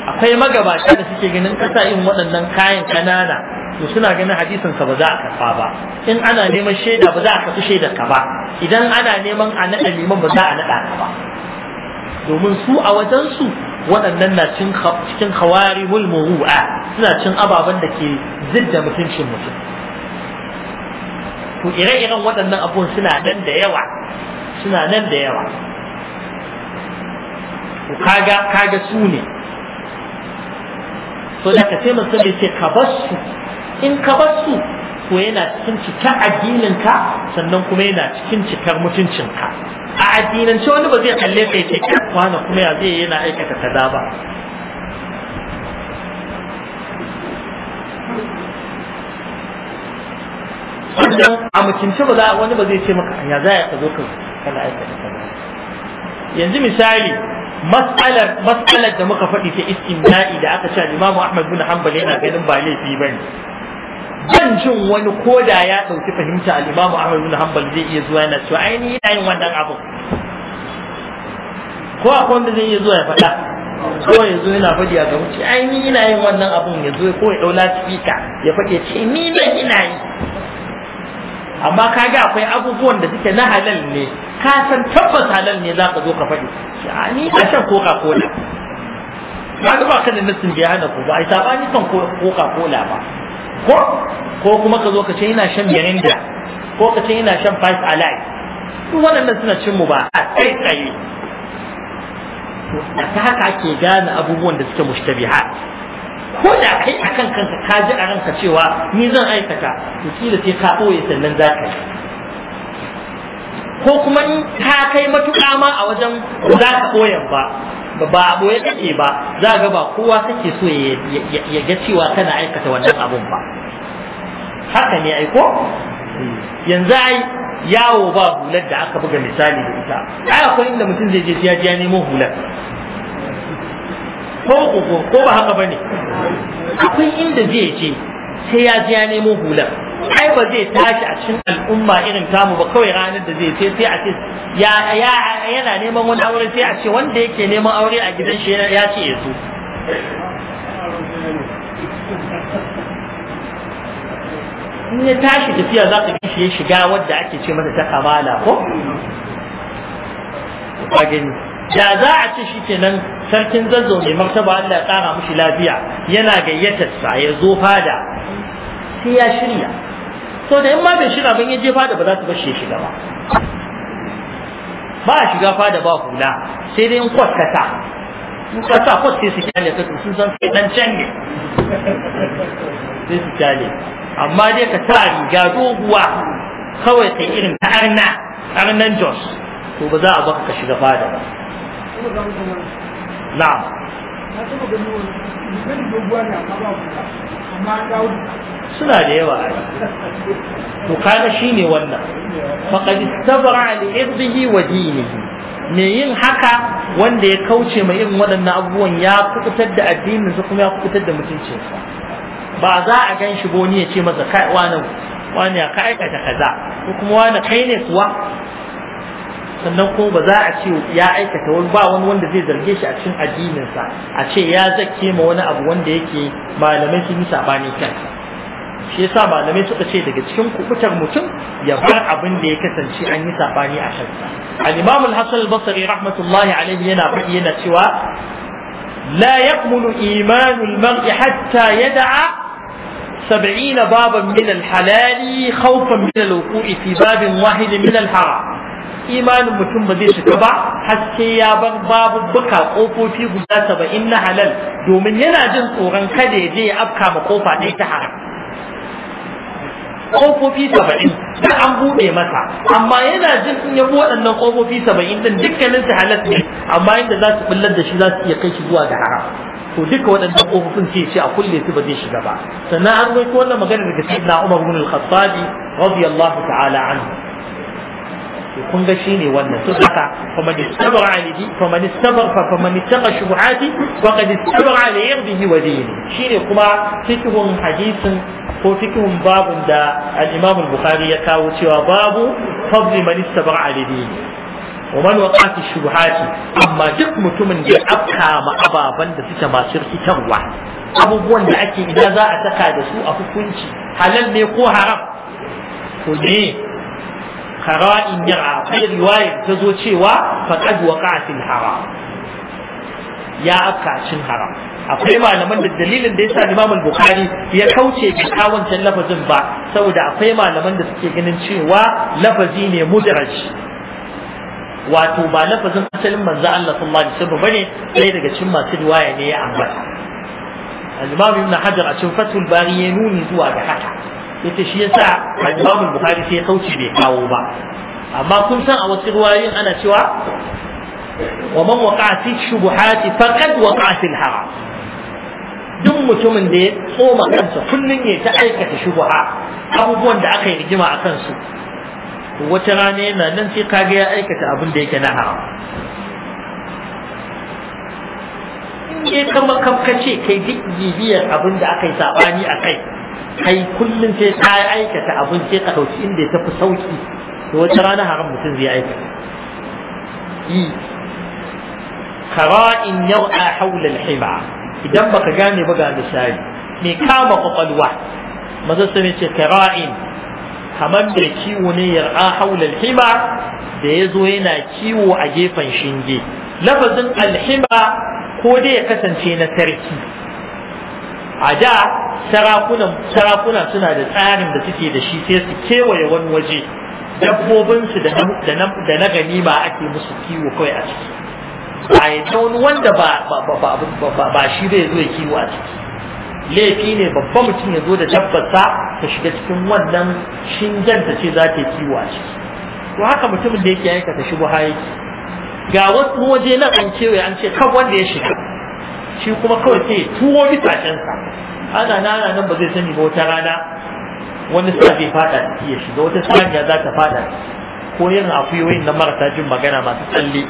akwai magabata da suke ganin ƙasa yin waɗannan kayan ƙanana to suna ganin hadisin sa ba za a karba ba in ana neman shaida ba za a karbi shaida ka ba idan ana neman a nada neman ba za a nada ka ba domin su a wajen su waɗannan na cikin khawari mulmuru'a suna cin ababen da ke zidda mutuncin mutum to ire-iren waɗannan abubuwan suna nan da yawa suna nan da yawa to kaga kaga su ne so da ka sai ya ce ka bar su in ka bar su to yana cikin cikar addininka sannan kuma yana cikin cikar mutuncinka a addinance wani ba zai kalle kai ce wani kuma ya zai yana aikata kaza ba wannan a mutunce ba wani ba zai ce maka ya za ka zo ka kana aikata kaza yanzu misali mas'alar mas'alar da muka faɗi ta istimna'i da aka ce Imam Ahmad bin Hanbal yana ganin ba laifi bane ban jin wani koda ya ɗauki fahimta al'imamu ahmad bin hanbal zai iya zuwa yana cewa ai ni ina yin wannan abu ko akwai wanda zai iya zuwa ya faɗa ko ya zo yana faɗi a gaba ce ai ni ina yin wannan abun ya zo ko ya ɗau lasifika ya faɗi ce ni nan ina yi amma ka ga akwai abubuwan da suke na halal ne ka san tabbas halal ne za ka zo ka faɗi a ni a shan koka-kola. ba ga ba ka da nassin bai hana ku ba ai sabani kan coca kola ba ko ko kuma ka zo ka ce ina shan mirinda ko ka ce ina shan five alive duk waɗannan suna cin mu ba a kai tsaye ta haka ake gane abubuwan da suke mushtabihat ko da kai akan kanka ka ji a ranka cewa ni zan aikata to kila sai ka ɓoye sannan za ka yi ko kuma in ka kai matuƙa ma a wajen za ka ɓoyen ba ba a ɓoye kake ba za ga ba kowa kake so ya ga cewa kana aikata wannan abun ba haka ne ai ko yanzu ai yawo ba hular da aka buga misali da ita ai akwai inda mutum zai je ya je nemo hular ko ko ko ba haka bane akwai inda zai je sai ya je ya hular ai ba zai tashi a cikin al'umma irin tamu ba kawai ranar da zai sai sai a ce ya yana neman wani aure sai a ce wanda yake neman aure a gidan shi ya ce ya in ya tashi tafiya za ka kishi ya shiga wadda ake ce mata ta kamala ko Ya da za a ce shi kenan sarkin zazzo mai martaba Allah ya tsara mushi lafiya yana gayyatar sa ya zo fada sai ya shirya to da in ma bai shirya ban je fada ba za su bar shi shiga ba ba a shiga fada ba hula sai dai in kwaskata in kwasa kwas sai su kyale ka sun san sai dan can ne sai su kyale amma dai ka sa riga doguwa kawai kai irin ta arna arnan jos to ba za a baka ka shiga fada ba Na suna da yawa a to kaga shine wannan faqad istabra li irdihi wa dinihi me yin haka wanda ya kauce mai irin waɗannan abubuwan ya kubutar da addinin su kuma ya kubutar da mutuncinsa ba za a gan shi ba ya ce masa kai wani wani ya ka aikata kaza ko kuma wani kai ne kuwa sannan kuma ba za a ce ya aikata wani ba wani wanda zai zarge shi a cikin addininsa a ce ya zake ma wani abu wanda yake malamai sun yi sabani kansa shi yasa malamai suka ce daga cikin kubutar mutum ya bar abin da ya kasance an yi sabani a kansa al-imam al-hasan al-basri rahmatullahi alaihi yana faɗi yana cewa la yaqmulu imanu al-mar'i hatta da'a. سبعين بابا من الحلال خوفا من الوقوع في باب واحد من الحرام إيمان متم بذيش كبا حتى يا باب بكا قوفو في قدا سبعين حلال دومن يناجن صورا كده دي أبكى مقوفا دي تحرام Ƙofofi saba'in duk an buɗe masa amma yana jin in yabo waɗannan ƙofofi saba'in din dukkanin su halas ne amma inda za su bullar da shi za su iya kai shi zuwa ga haram to duka waɗannan ƙofofin sai ce a kulle su ba zai shiga ba sannan an roƙi wannan magana daga sayyidina Umar bin al-Khattab radiyallahu ta'ala anhu to kun ga shine wannan to haka fa man istabara alihi fa man istabara fa man shubuhati wa qad istabara ala wa dini shine kuma fikihun hadisin ko fikihun babun da al-Imam al-Bukhari ya kawo cewa babu fadli man istabara alihi wa man waqati shubuhati amma duk mutumin da ya afka ma ababan da suka masu rikitarwa abubuwan da ake idan za a saka da su a hukunci halal ne ko haram ko ne qara'in yar'a akwai riwayar ta zo cewa faqad waqa'atil haram ya afka cin haram akwai malaman da dalilin da yasa Imam al-Bukhari ya kauce ga kawancan lafazin ba saboda akwai malaman da suke ganin cewa lafazi ne mudaraj wato ba lafazin asalin manzo Allah sallallahu alaihi wasallam bane sai daga cikin masu riwaya ne ya ambata al-Imam Ibn Hajar a cikin Fathul Bari ya nuni zuwa ga haka yace shi yasa al-Imam Bukhari sai kauce bai kawo ba amma kun san a wasu riwayoyin ana cewa wa man waqa'a fi shubuhati faqad waqa'a fil haram duk mutumin da ya tsoma kansa kullun ya ta aikata shubuha abubuwan da aka yi rigima a kansu wata rana yana nan sai kaga ya aikata abin da yake na haram ke kama kafkace kai duk bibiyar abin da aka yi sabani a kai kai kullum sai ka aikata abin sai ka ɗauki inda ya tafi sauki to wata rana haram mutum zai aikata yi kara'in yau a haulal hima idan baka gane ba ga misali mai kama kwakwalwa maza su ce kara'in kamar da kiwo ne yar'a haulal hima da ya zo yana kiwo a gefen shinge lafazin alhima ko dai ya kasance na sarki a da sarakuna suna da tsarin da suke da shi sai su kewaye wani waje dabbobinsu da na ganima ake musu kiwo kawai a ciki a yanzu wani wanda ba shi zai zo ya kiwo a ciki laifi ne babban mutum ya zo da tabbata ta shiga cikin wannan shingen ta ce za ta yi kiwo a ciki to haka mutumin da yake aikata shubuha yake ga wasu waje nan an kewaye an ce kan wanda ya shiga shi kuma kawai sai tuwo sa. ana nana nan ba zai sani ba wata rana wani sa zai fada ciki ya shiga wata saniya za ta fada ko yin akuyoyin na marasa jin magana masu tsalle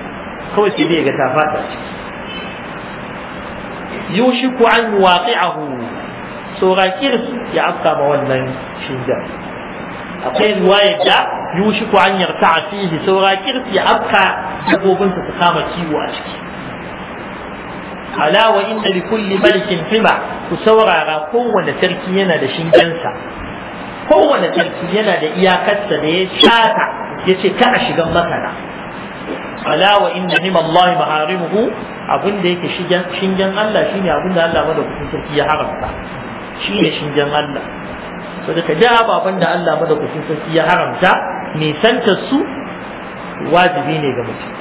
kawai sai dai ga ta fada ciki yushiku an waqi'ahu tsora kirs ya afka ma wannan shingar akwai riwaya da yushiku an yarta'a fihi tsora kirs ya afka dabobinsa su kama kiwo a ciki ala wa inna li kulli malikin hima ku saurara kowane sarki yana da shingensa kowane sarki yana da iyakarsa da ya shata ya ce ka a shigan masana ala wa inna hima Allah maharimuhu abin da yake shingen Allah shi ne abin da Allah madaukakin sarki ya haramta shi ne shingen Allah so daga da ababen da Allah madaukakin sarki ya haramta nisanta su wajibi ne ga mutum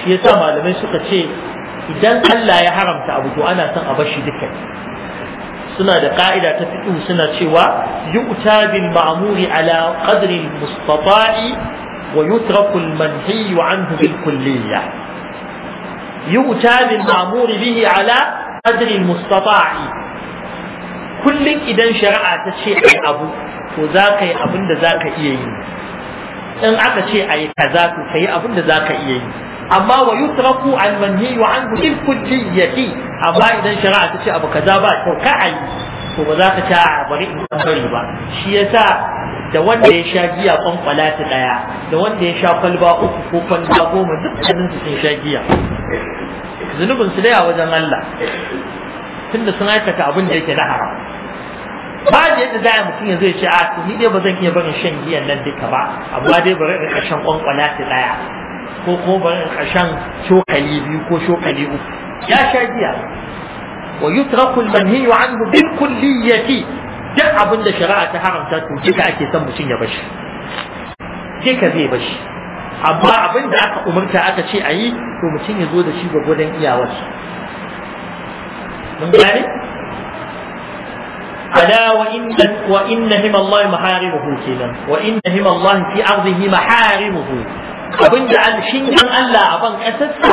shi yasa malamai suka ce idan Allah ya haramta abu to ana son a bar shi duka suna da ka'ida ta fiqh suna cewa yu'ta bil ma'muri ala qadri mustata'i ويترك المنهي عنه بالكلية يؤتى بالمأمور به على قدر المستطاع كل إذا شرع تشيء أبو وذاك أي أبن ذاك إيين إن أتى شيء أي كذاك أي أبن ذاك إيين أما ويترك المنهي عنه بالكلية أما إذا شرع تشيء أبو كذاك فكأي وذاك تاع بريء من الغريبة شيء da wanda ya sha giya kwankwala ta daya da wanda ya sha kwalba uku ko kwalba goma dukkanin su sun sha giya zunubin su daya wajen Allah tunda sun aikata abin da yake na haram ba da yadda za a mutum ya zai ce a ah, to ni dai ba zan iya barin shan giyan nan duka ba amma dai bari in kashan kwankwala ta daya ko ko bari in kashan cokali biyu ko cokali uku ya sha giya ويترك المنهي bil بالكلية duk abin da shari'a ta haramta to duka ake son mutum ya bashi duka zai bashi amma abin da aka umarta aka ce a yi to mutum ya zo da shi gwagwadon iyawarsa mun gane ألا وإن وإنهم الله محارمه كذا وإنهم الله في أرضه محارمه abin da an shin an Allah a ban ƙasarsa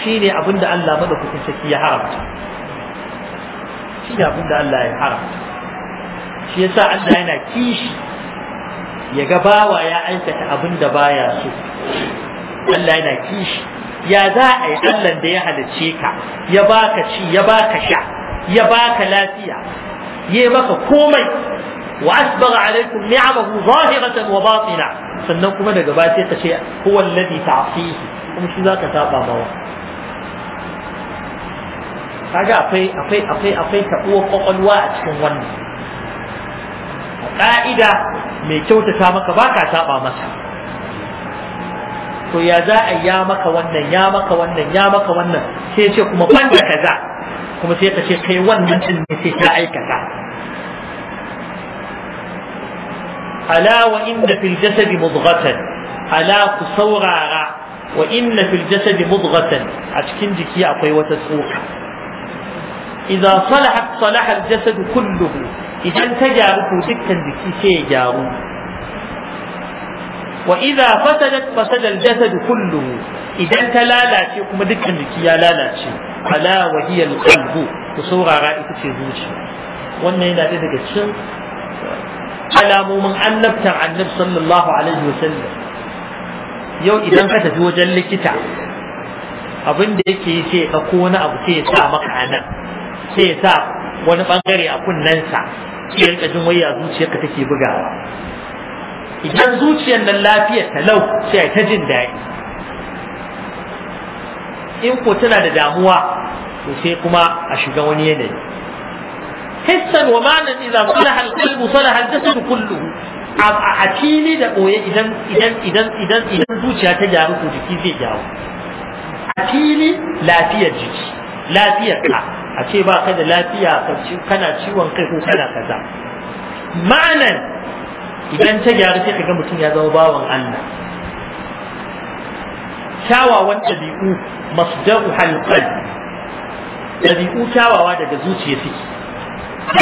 shine abin da Allah ya haramta shi yasa Allah yana kishi ya ga bawa ya aikata abin da baya so Allah yana kishi ya za a yi Allah da ya halice ka ya baka ci ya baka sha ya baka lafiya ya maka komai wa asbagha alaikum ni'amahu zahiratan wa batina sannan kuma daga baya sai ka ce huwa alladhi ta'fihi kuma shi zaka saba mawa kaga akwai akwai akwai akwai uwa kwakwalwa a cikin wannan ka'ida mai kyautata maka baka saba masa to ya za a ya maka wannan ya maka wannan ya maka wannan sai ce kuma banda kaza kuma sai ka ce kai wannan din ne sai ka aikata ala wa inda fil jasadi mudghatan ala ku saurara wa inna fil jasadi mudghatan a cikin jiki akwai wata tsoka idza salahat salaha al jasad kulluhu idan ta gyaru to dukkan jiki ke ya gyaru wa idza fasadat fasada al-jasad kulluhu idan ta lalace kuma dukkan jiki ya lalace ala wa hiya al-qalbu ku saurara ita ce zuci. wannan yana da daga cikin alamomin annabtar annabi sallallahu alaihi sallam. yau idan ka tafi wajen likita abin da yake yi sai ya ɗauko wani abu sai ya sa maka sai ya sa wani ɓangare a kunnensa sai rika jin waya take bugawa idan zuciyar nan lafiyar talau sai ta jin daɗi in ko tana da damuwa to sai kuma a shiga wani yanayi hissan wa ma'anan idza salaha al-qalbu salaha al-jasad kulluhu a fili da boye idan idan idan idan idan zuciya ta gyaru ko jiki zai gyaru a fili lafiyar jiki lafiyar ka a ce ba ka da lafiya kana ciwon kai ko kana kaza ma'anan idan ta gyaru sai ka ga mutum ya zama bawan Allah kyawawan ɗabi'u da'u-halƙal, ɗabi'u kyawawa daga zuciya suke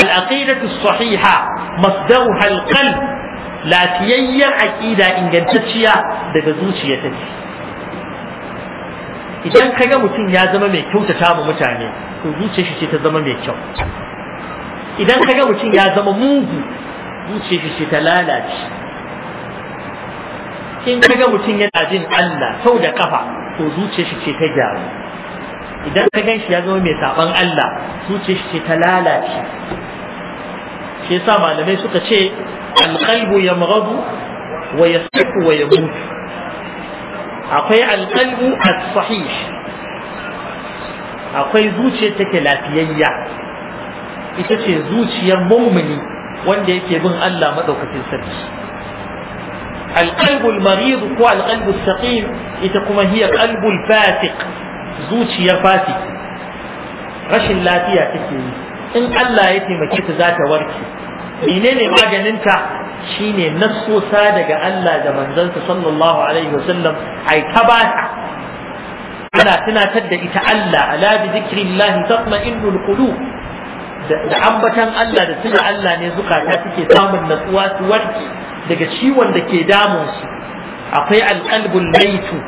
al'aqidatu sahiha masdaru halqal lafiyayyar aƙida ingantacciya daga zuciya take idan ka ga mutum ya zama mai kyautata mu mutane to zuciyar shi ce ta zama mai kyau idan ka ga mutum ya zama mugu zuciyar shi ce ta lalace in ka ga mutum yana jin Allah sau da kafa to zuciyar shi ce ta gyaru idan ka gan shi ya zama mai saban Allah zuciyar shi ce ta lalace shi yasa malamai suka ce alqalbu yamghadu wa yasifu wa yamutu akwai alqalbu as-sahih akwai zuciyar take lafiyayya ita ce zuciyar mummuni wanda yake bin Allah madaukakin sarki alqalbul marid ko alqalbus saqim ita kuma hiya ƙalbul fasiq zuciyar fasik rashin lafiya take yi in Allah ya taimake ta za ta warke menene maganinta shine nassosa daga Allah da manzansa sallallahu alaihi wasallam ai tabata ana tunatar da ita Allah ala bi zikrillah tatma'innul qulub da ambatan Allah da tuna Allah ne zukata suke samun natsuwa su warke daga ciwon da ke damun su akwai alqalbul maitu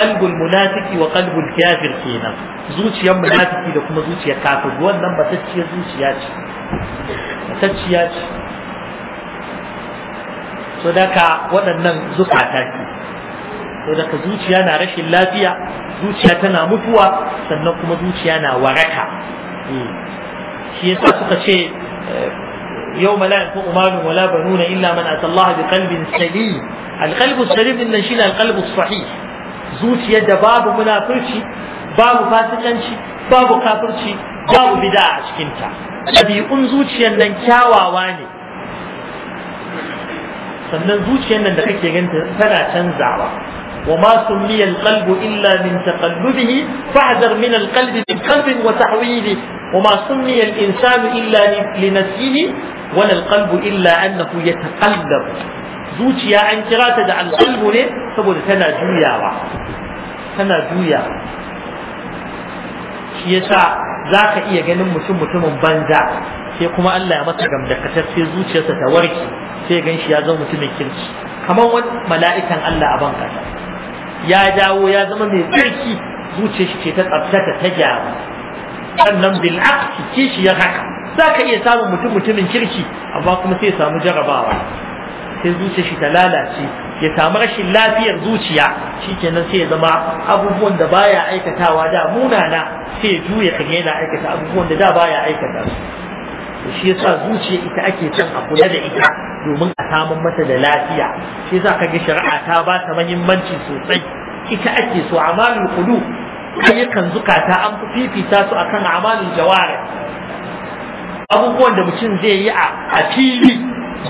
qalbul munafiki wa qalbul kafir kenan zuciyar munafiki da kuma zuciyar kafir wannan batacciyar zuciya ce batacciya ce so daga waɗannan zukata ce to daga zuciya na rashin lafiya zuciya tana mutuwa sannan kuma zuciya na waraka eh. shi yasa suka ce eh, yau mala yanku umaru wala banuna illa man atallaha bi qalbin salim alqalbu salim din nan shine alqalbu sahih zuciya da babu munafurci babu fasikanci babu kafirci babu bid'a a cikin ta dabi'un zuciyar nan kyawawa ne sannan zuciyar nan da kake ganta tana canzawa وما سمي القلب إلا من تقلبه فاحذر من القلب بقلب وتحويله وما سمي الإنسان إلا لنسيه ولا القلب إلا أنه يتقلب زوجيا أن كرات دع القلب لي فقول تنا جويا تنا جويا شيسا ذاك إيا جنم متم متم بنزا sai kuma Allah ya masa gamdakatar sai zuciyarsa ta warke sai gan shi ya zama mutumin kirki kamar wani mala'ikan Allah a ban kasa ya dawo ya zama mai tsarki zuciya shi ce ta tsabtata ta gyara sannan bil aqsi kishi ya haka za ka iya samun mutum mutumin kirki amma kuma sai ya samu jarabawa sai zuciya shi ta lalace ya samu rashin lafiyar zuciya shikenan sai ya zama abubuwan da baya aikatawa da munana sai ya juya kan yana aikata abubuwan da da baya aikata su shi yasa zuciya ita ake son a kula da ita domin a samun mata da lafiya shi za ka ga shari'a ta ba ta mahimmanci sosai ita ake so amalul kudu ayyukan zukata an fifita su akan amalul jawari abubuwan da mutum zai yi a fili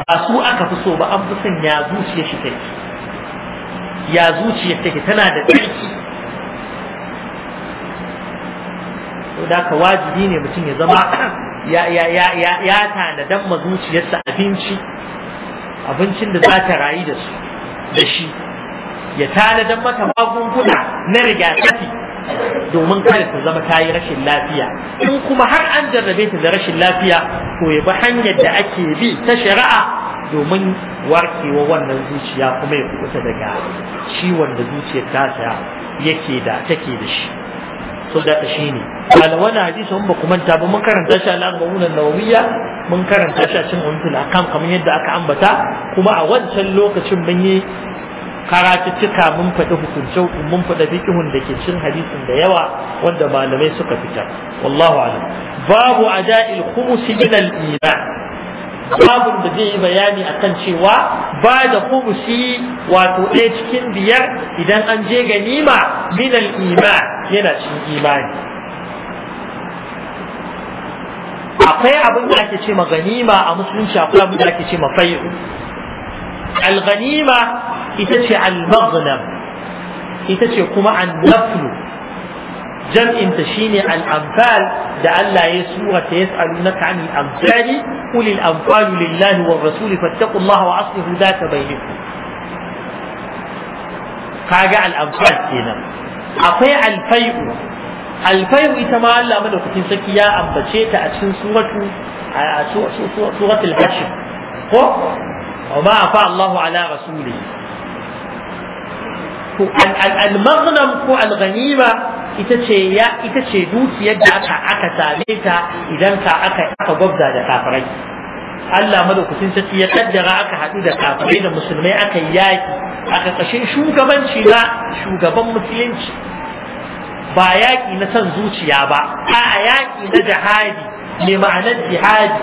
ba su aka fi so ba an fi son ya zuciya shi take ya zuciya take tana da tsarki to da ka wajibi ne mutum ya zama ya ya ya ya tanadan ma zuciyarta abinci abincin da za ta rayu da su da shi ya don mata magunguna na rigakafi domin kada ta zama ta yi rashin lafiya in kuma har an jarrabe ta da rashin lafiya ko ya bi hanyar da ake bi ta shari'a domin warkewa wannan zuciya kuma ya kusa daga ciwon da zuciyar ta yake da take da shi so da ka shine malaman hadisi mun ba ku manta ba mun karanta shi al-arba'un an mun karanta shi a cikin umtul akam kamar yadda aka ambata kuma a wancan lokacin mun yi karatuttuka mun faɗi hukuncin mun faɗi fikihun da ke cin hadisin da yawa wanda malamai suka fitar wallahu alam babu ada'il khumusi min al-iman babun da zai yi bayani akan cewa ba da kubusi wato ɗaya cikin biyar idan an je ganima minal iman yana cikin imani akwai abin da ake ce ma ganima a musulunci akwai abin da ake ce ma fayu al-ganima ita ce al ita ce kuma an jam'inta shine al-amfal da Allah ya surata yas'alunaka anil amfali qul al-amfal lillahi war rasul fattaqullaha wa aslihu dhata bainakum kaga al-amfal kenan akwai al-fai'u al-fai'u ita ma Allah madaukakin ta a cikin ko وما أفاء الله على رسوله المغنم ko ita ce ya ita ce dukiyar da aka aka same ta idan ka aka aka gwabza da kafirai Allah madaukakin sarki ya kaddara aka haɗu da kafirai da musulmai aka yi yaƙi a ƙarƙashin shugabanci na shugaban musulunci ba yaƙi na son zuciya ba a yaƙi na jihadi mai ma'anar jihadi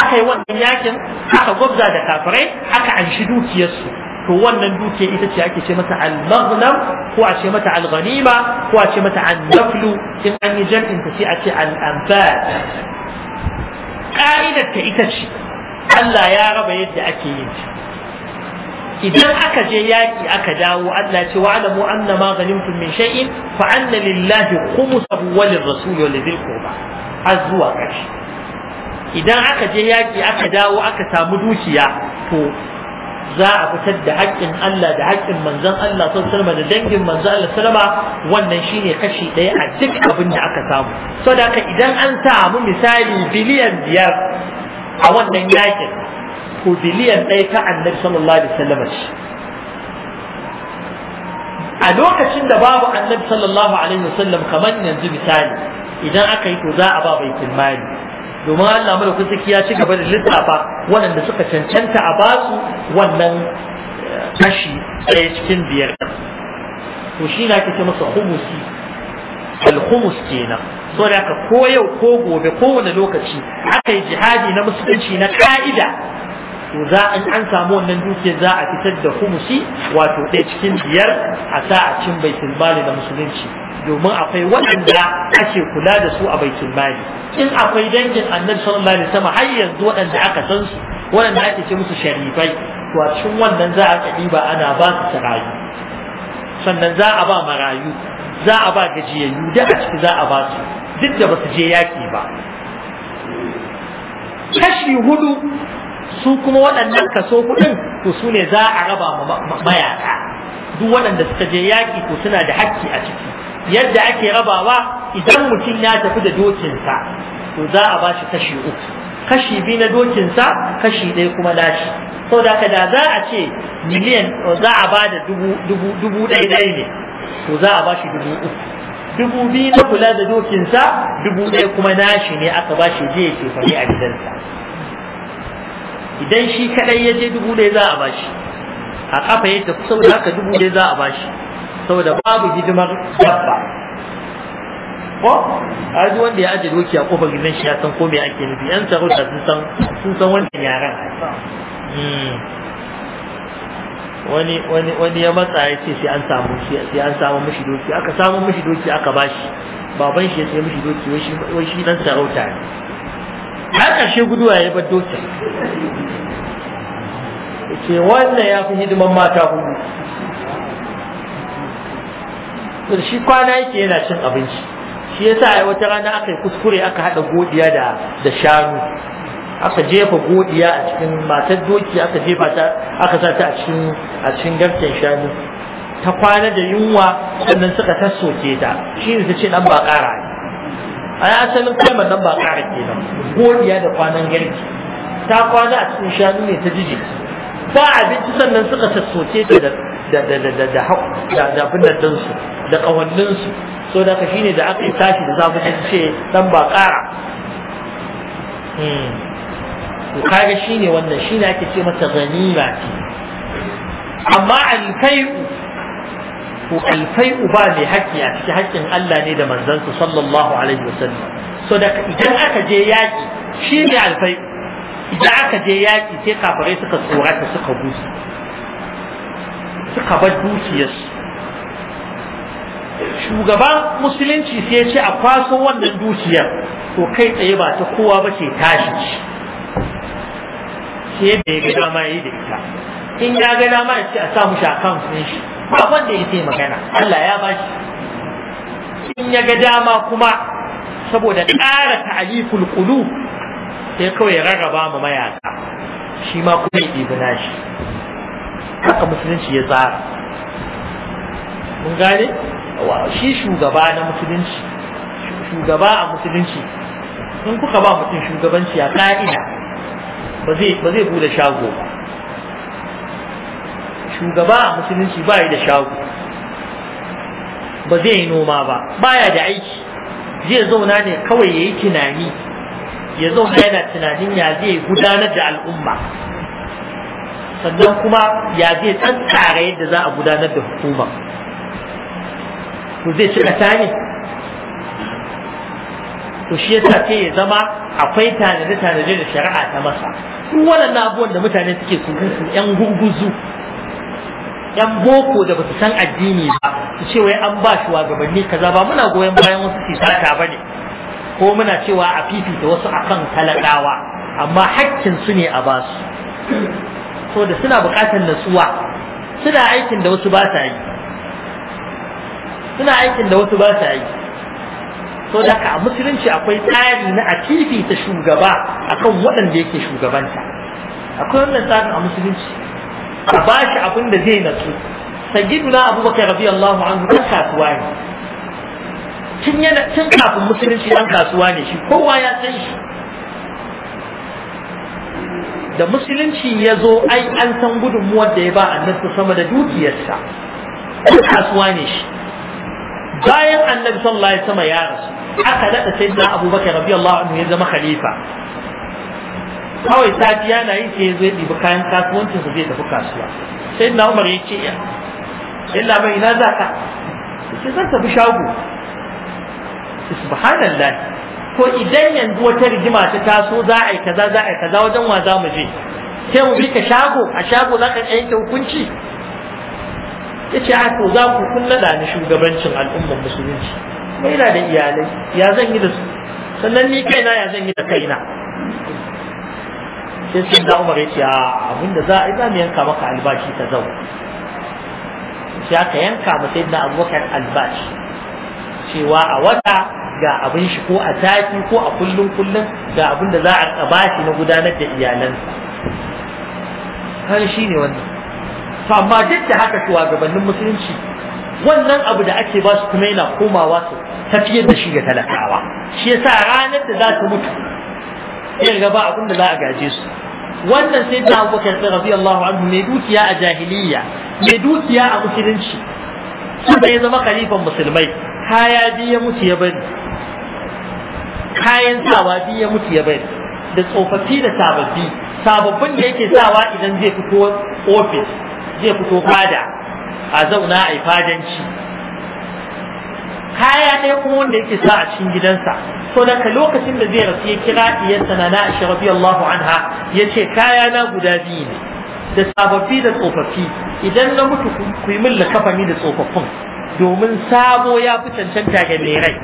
aka yi wannan yakin aka gwabza da kafirai aka anshi dukiyarsu to wannan dukiya ita ce ake ce mata al-maghnam ko a ce mata al-ghanima ko a ce mata al-naflu in an yi jam'in ta ce a ce al-anfal ka'idar ta ita ce Allah ya raba yadda ake yin ta. idan aka je yaƙi aka dawo Allah ce wa alamu anna ma ghanimtum min shay'in fa anna lillahi khumsahu wa lirrasuli wa lidhil qurba azwa kashi idan aka je yaki aka dawo aka samu dukiya to za a fitar da haƙƙin Allah da haƙƙin manzon Allah sallallahu alaihi da dangin manzon Allah sallallahu wannan shine kashi ɗaya a duk abin da aka samu saboda haka idan an samu misali biliyan biyar a wannan yakin ko biliyan ɗaya ta annabi sallallahu alaihi wasallam a lokacin da babu annabi sallallahu alaihi wasallam kamar yanzu misali idan aka yi to za a ba baitul mali domin Allah madaukakin sarki ya ci gaba da lissafa waɗanda suka cancanta a basu wannan eh, kashi ɗaya cikin biyar to shi na kace masa humusi alhumus kenan so da aka ko yau ko gobe kowane lokaci aka yi jihadi na musulunci na ka'ida to za an samu wannan dukiyar za a fitar da humusi wato ɗaya cikin biyar a sa a cin baitul mali na musulunci domin akwai waɗanda ake kula da su a baitul mali in akwai dangin annabi sallallahu alaihi wasallam har yanzu waɗanda aka san su waɗanda ake ce musu sharifai to a cikin wannan za a kaɗi ba ana ba su rayu. sannan za a ba marayu za a ba gajiyayyu da a ciki za a ba su duk da ba su je yaƙi ba kashi hudu su kuma waɗannan kaso kuɗin to su ne za a raba ma mayaƙa. duk waɗanda suka je yaƙi to suna da hakki a ciki yadda ake rabawa idan mutum ya tafi da dokinsa to za a ba shi kashi uku kashi biyu na dokinsa kashi ɗaya kuma nashi sau da ka da za a ce miliyan za a ba da dubu ɗaya ɗaya ne to za a ba shi dubu uku dubu biyu na kula da dokinsa dubu ɗaya kuma nashi ne aka ba shi je ya fari a gidansa idan shi kaɗai ya je dubu ɗaya za a ba shi a ƙafa ya tafi sau da haka dubu ɗaya za a ba shi saboda babu hidimar dabba ko a duk wanda ya ajiye doki a kofar gidan shi ya san ko me ake nufi yan sarauta sun san sun san wannan yaran hmm. wani wani wani ya matsa ya ce sai an samu sai an samu mishi doki aka samu mishi doki aka bashi baban shi ya sai mishi doki wai shi dan sarauta ne har ƙarshe guduwa ya bar doki. ce wannan ya fi hidiman mata hudu to shi kwana yake yana cin abinci shi yasa ai wata rana aka yi kuskure aka hada godiya da da shanu aka jefa godiya a cikin matar doki aka jefa ta aka sa ta a cikin a cikin garken shanu ta kwana da yunwa sannan suka tassoke ta shi ne ta ce dan ba ƙara ai asalin kalmar dan ba ƙara kenan godiya da kwanan garki ta kwana a cikin shanu ne ta jiji ba abinci sannan suka tassoke ta da da da da da da da da binnan dinsu da kawanninsu so da ka shine da aka yi tashi da zafi ta ce dan ba ƙara hmm. to kaga shine wannan shine ake ce mata ganima ce amma alfai'u to alfai'u ba mai haƙƙi a cikin haƙƙin Allah ne da manzansa sallallahu alaihi wasallam so da idan aka je yaƙi shi ne alfai'u idan aka je yaƙi sai kafirai suka tsorata suka gusa suka bar dukiyarsu shugaba musulunci sai ce a kwaso wannan dukiyar to kai tsaye ba ta kowa ba ce tashi ce sai da ya ga dama yi da ita in ya ga dama ya ce a samu shakan sun shi ba wanda ya sai magana Allah ya ba shi in ya ga dama kuma saboda ƙara ta'aliful qulub sai kawai rarraba ma mayaka shi ma kuma ya ɗibi nashi haka musulunci ya tsara mun gane shi shugaba na musulunci shugaba a musulunci in kuka ba mutum shugabanci a ka'ida ba zai bude shago ba shugaba a musulunci ba yi da shago ba zai yi noma ba baya da aiki zai zauna ne kawai ya yi tunani ya zauna yana tunanin ya zai gudanar da al'umma sannan kuma ya zai tsantsara yadda za a gudanar da hukuma to zai ci ƙasa ne to shi yasa ce ya zama akwai tanade-tanade da shari'a ta masa duk waɗannan abubuwan da mutane suke surutu yan gurguzu yan boko da basu san addini ba su ce wai an ba shi gabanni kaza ba muna goyon bayan wasu sata ba ne ko muna cewa a fifita wasu akan talakawa amma hakkin su ne a basu da suna buƙatar natsuwa suna aikin da wasu ba sa yi suna aikin da wasu ba sa yi so da ka a musulunci akwai tsari na a ta shugaba akan waɗanda yake shugabanta akwai wannan tsarin a musulunci a ba shi abin da zai natsu sayyiduna abubakar radiyallahu anhu ɗan kasuwa ne tun yana tun kafin musulunci ɗan kasuwa ne shi kowa ya san shi da musulunci ya zo ai an san gudunmuwar da ya ba annabi sama da dukiyarsa ko kasuwa ne shi bayan annabi sallallahu alaihi wasallam ya rasu aka nada sayyidina abubakar radiyallahu anhu ya zama khalifa kawai safiya na yin sai ya zo ya ɗibi kayan kasuwancin sa zai tafi kasuwa Sai sayyidina umar ya ce illa bai ina za ka sai zan tafi shago subhanallah Ko idan yanzu wata rigima ta taso za a yi kaza za a yi kaza wajen wa za mu je sai mu bi ka shago a shago za ka yanke hukunci ya ce a to za ku kun naɗa ni shugabancin al'ummar musulunci kuma yana da iyalai ya zan yi da su sannan ni kaina ya zan yi da kaina sai sun da umar ya ce a abinda za a yi za mu yanka maka albashi ka zau sai aka yanka ma sai na abubakar albashi cewa a wata ga abin shi ko a sati ko a kullum kullum ga abin da za a shi na gudanar da iyalansa har shi ne wannan to amma duk da haka gabanin musulunci wannan abu da ake ba su kuma yana komawa su tafiyar da shi ga talakawa shi yasa ranar da za su mutu ya ga abin da za a gaje su wannan sai da Abubakar radiyallahu anhu mai dukiya a jahiliyya mai dukiya a musulunci sai ya zama khalifan musulmai kaya biyu ya mutu ya bari kayan sawa biyu ya mutu ya bari da tsofaffi da sababbi sababbin da yake sawa idan zai fito ofis zai fito fada a zauna a yi fadanci kaya ɗaya kuma wanda yake sa a cikin gidansa so daga lokacin da zai rasu ya kira diyarsa na na ashe Allahu anha ya ce kaya na guda biyu ne da sababbi da tsofaffi idan na mutu ku yi min da tsofaffin domin sabo ya fi cancanta ga mai rai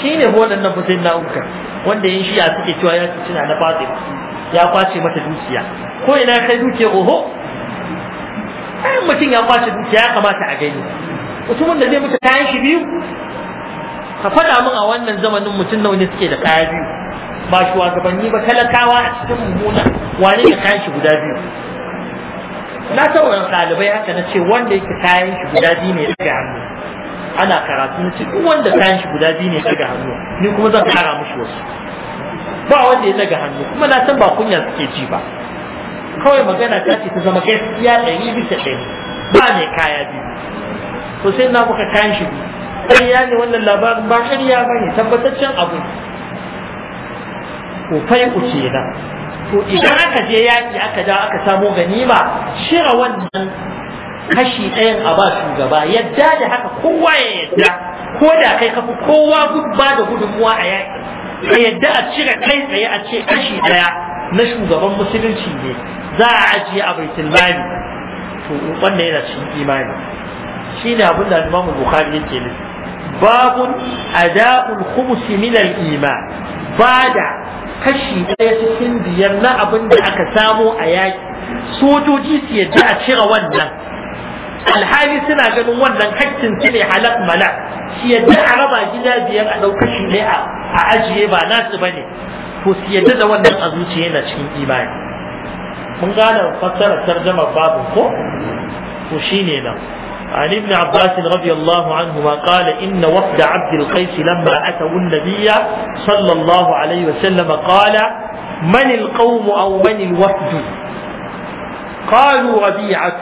shine waɗannan Hussein na Umar wanda shi a suke cewa ya ci na fatsi ya kwace mata dukiya ko ina kai dukiya oho ai mutum ya kwace dukiya ya kamata a gani mutumin da zai mutu kayan shi biyu ka faɗa min a wannan zamanin mutum nawa ne suke da kaya biyu ba shugabanni ba talakawa a cikin mummuna wane ne kayan shi guda biyu na taɓa ɗalibai haka na ce wanda yake kayan shi guda biyu ne ya hannu ana karatu na duk wanda kayan shi guda biyu ne daga hannu ni kuma zan kara mushi wasu ba wanda ya daga hannu kuma na san ba kunya suke ji ba kawai magana ta ce ta zama gaskiya ɗari bisa ɗari ba ne kaya biyu to sai na kuka kayan shi ƙarya ne wannan labarin ba ƙarya ba ne tabbataccen abu ko fai ku ce na to idan aka je yaƙi aka dawo aka samo ganima shira wannan kashi ɗayan a ba shugaba yadda da haka kowa ya yadda ko da kai kafi kowa ba da gudunmuwa a yaƙi yadda a cire kai tsaye a ce kashi ɗaya na shugaban musulunci ne za a ajiye a baitul mali to wannan yana cikin imani shine abin da Imam Bukhari yake nufi babun ada'ul khums min al-iman bada kashi ɗaya cikin biyar na abin da aka samo a yaƙi sojoji su yadda a cire wannan alhali suna ganin wannan haƙƙin su ne halak mala shi yadda a raba gida biyar a ɗauka shi ne a ajiye ba nasu ba ne to su yadda da wannan a zuciya yana cikin imani mun gane fassara tarjamar babu ko to shine nan عن ابن عباس رضي الله عنهما قال إن وفد عبد القيس لما أتوا النبي صلى الله عليه وسلم قال من القوم أو من الوفد قالوا ربيعة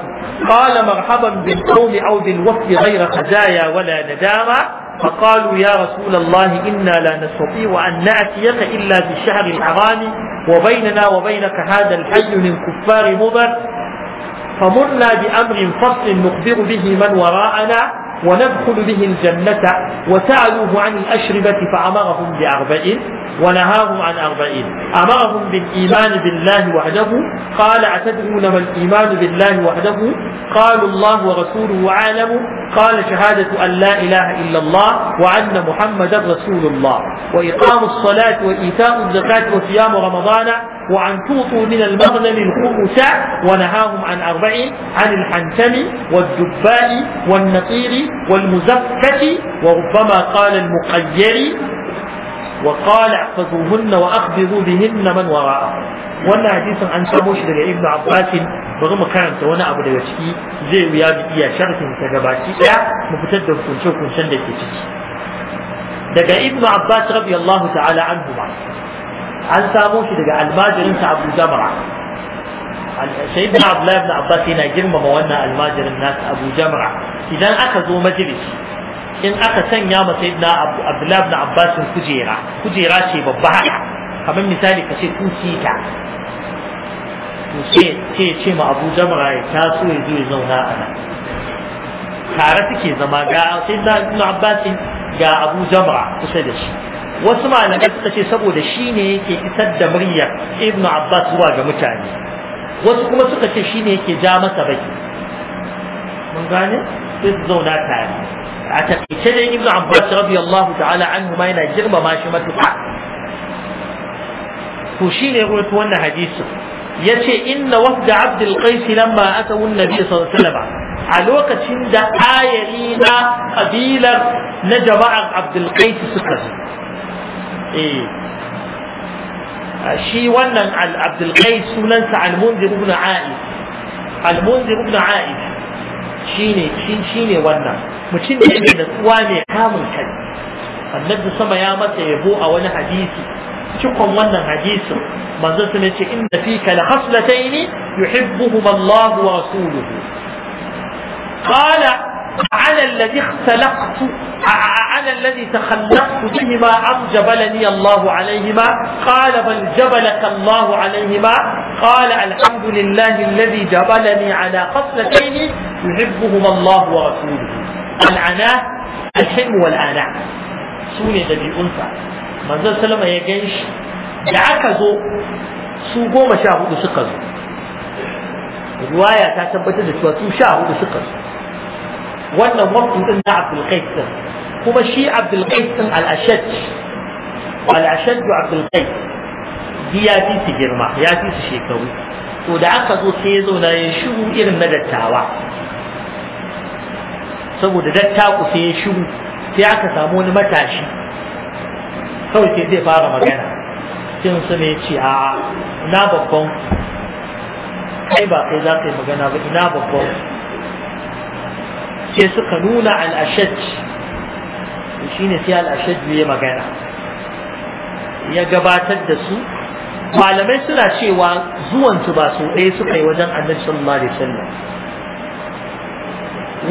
قال مرحبا بالقوم أو بالوفد غير خزايا ولا ندامة فقالوا يا رسول الله إنا لا نستطيع أن نأتيك إلا بالشهر الحرام وبيننا وبينك هذا الحي من كفار مضر فمرنا بأمر فصل نخبر به من وراءنا وندخل به الجنة وسألوه عن الأشربة فأمرهم باربعين ونهاهم عن أربعين أمرهم بالإيمان بالله وحده قال أتدرون ما الإيمان بالله وحده قالوا الله ورسوله أعلم قال شهادة أن لا إله إلا الله وأن محمدا رسول الله وإقام الصلاة وإيتاء الزكاة وصيام رمضان وأن توطوا من المغنم الخبث ونهاهم عن أربع عن الحنتم والدباء والنقير والمزفة وربما قال المقير وقال احفظوهن واخبروا بهن من وراءه wannan hadisin an samo shi daga ibnu abbas bari mu karanta wani abu daga ciki zai wuya mu sharhin ta gabaki daya mu fitar da hukunce hukuncen da ke ciki daga ibnu abbas radiyallahu ta'ala anhu ba an samo shi daga almajirin sa abu jamra sayyidina abdullahi ibn abbas yana girmama wannan almajirin nasa abu idan aka zo majalisi in aka sanya ma sayyidina Abdullah ibn Abbas kujera kujera ce babba haka kamar misali kace ce ta, to ce ce ce ma Abu Jamra ya taso ya zo ya zauna a nan tare suke zama ga sayyidina ibn Abbas ga Abu Jamra kusa da shi wasu malamai suka ce saboda shi ne yake isar da muryar ibn abbas zuwa ga mutane wasu kuma suka ce shi ne yake ja masa bai mun gane sai su zauna tare a taƙaice dai ibnu abbas radiyallahu ta'ala anhu ma yana girmama shi matuƙa to shine ruwaito wannan hadisi yace inna wafda abdul qais lamma atawu annabi sallallahu alaihi wasallam a lokacin da ayari na kabilar na jama'ar abdul qais suka zo eh shi wannan al abdul qais sunansa al munzir ibn a'id al munzir ibn a'id shine ne wannan mutum yake da natsuwa mai kamun kai annabi sama ya masa yabo a wani hadisi cikon wannan hadisin manzo sun ce inna fika la khaslatayn yuhibbuhuma Allahu wa rasuluhu qala على الذي اختلقت على الذي تخلقت بهما أم جبلني الله عليهما قال بل جبلك الله عليهما قال الحمد لله الذي جبلني على قصتين يحبهما الله ورسوله العناء الحلم والآناء سوني الذي أنفع ما زال سلم يا جيش da سوقوا zo سقزوا الرواية تعتبر hudu suka سقزوا wannan waktu din na Abdul din kuma shi Abdul Qais din al-Ashaj al-Ashaj ya fi su girma ya fi su shekaru to da aka zo sai ya zauna ya shiru irin na dattawa saboda dattaku sai ya shiru sai aka samu wani matashi kawai sai zai fara magana sun su ne ce a na babban kai ba kai za ka yi magana ba ina babban sai suka nuna al'ashaj shi ne sai al'ashaj ya magana ya gabatar da su malamai suna cewa zuwansu ba su ɗaya suka yi wajen annabi sallallahu alaihi wasallam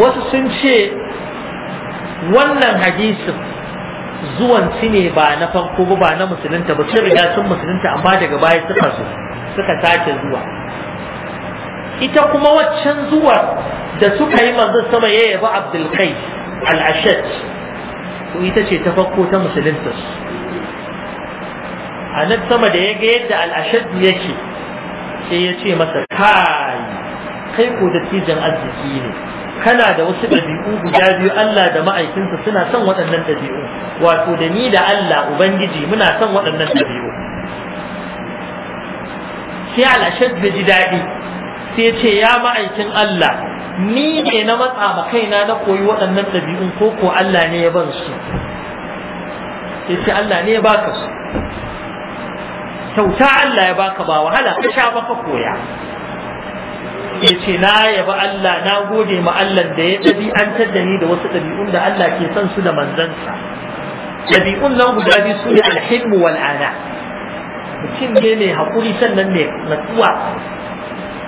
wasu sun ce wannan hadisin zuwan ne ba na farko ba na musulunta ba sun riga sun musulunta amma daga baya suka zo suka sake zuwa ita kuma waccan zuwar da suka yi manzon sama ya yabi Abdul Qais al to ita ce ta farko ta musulunta a nan sama da ya ga yadda al yake sai ya ce masa kai kai ko da arziki ne kana da wasu ɗabi'u guda biyu Allah da ma'aikinsa suna son waɗannan ɗabi'u wato da ni da Allah Ubangiji muna son waɗannan ɗabi'u sai alashad bai ji daɗi sai ce ya ma'aikin Allah ni ne na matsa ma kaina na koyi waɗannan ɗabi'un ko ko Allah ne ya ban su yace Allah ne ya baka su kyauta Allah ya baka ba wahala ka sha baka koya ce na yaba Allah na gode ma Allah da ya ɗabi'antar da ni da wasu ɗabi'un da Allah ke son su da manzansa ɗabi'un nan guda biyu su ne alhilmu wal ana mutum ne mai haƙuri sannan mai natsuwa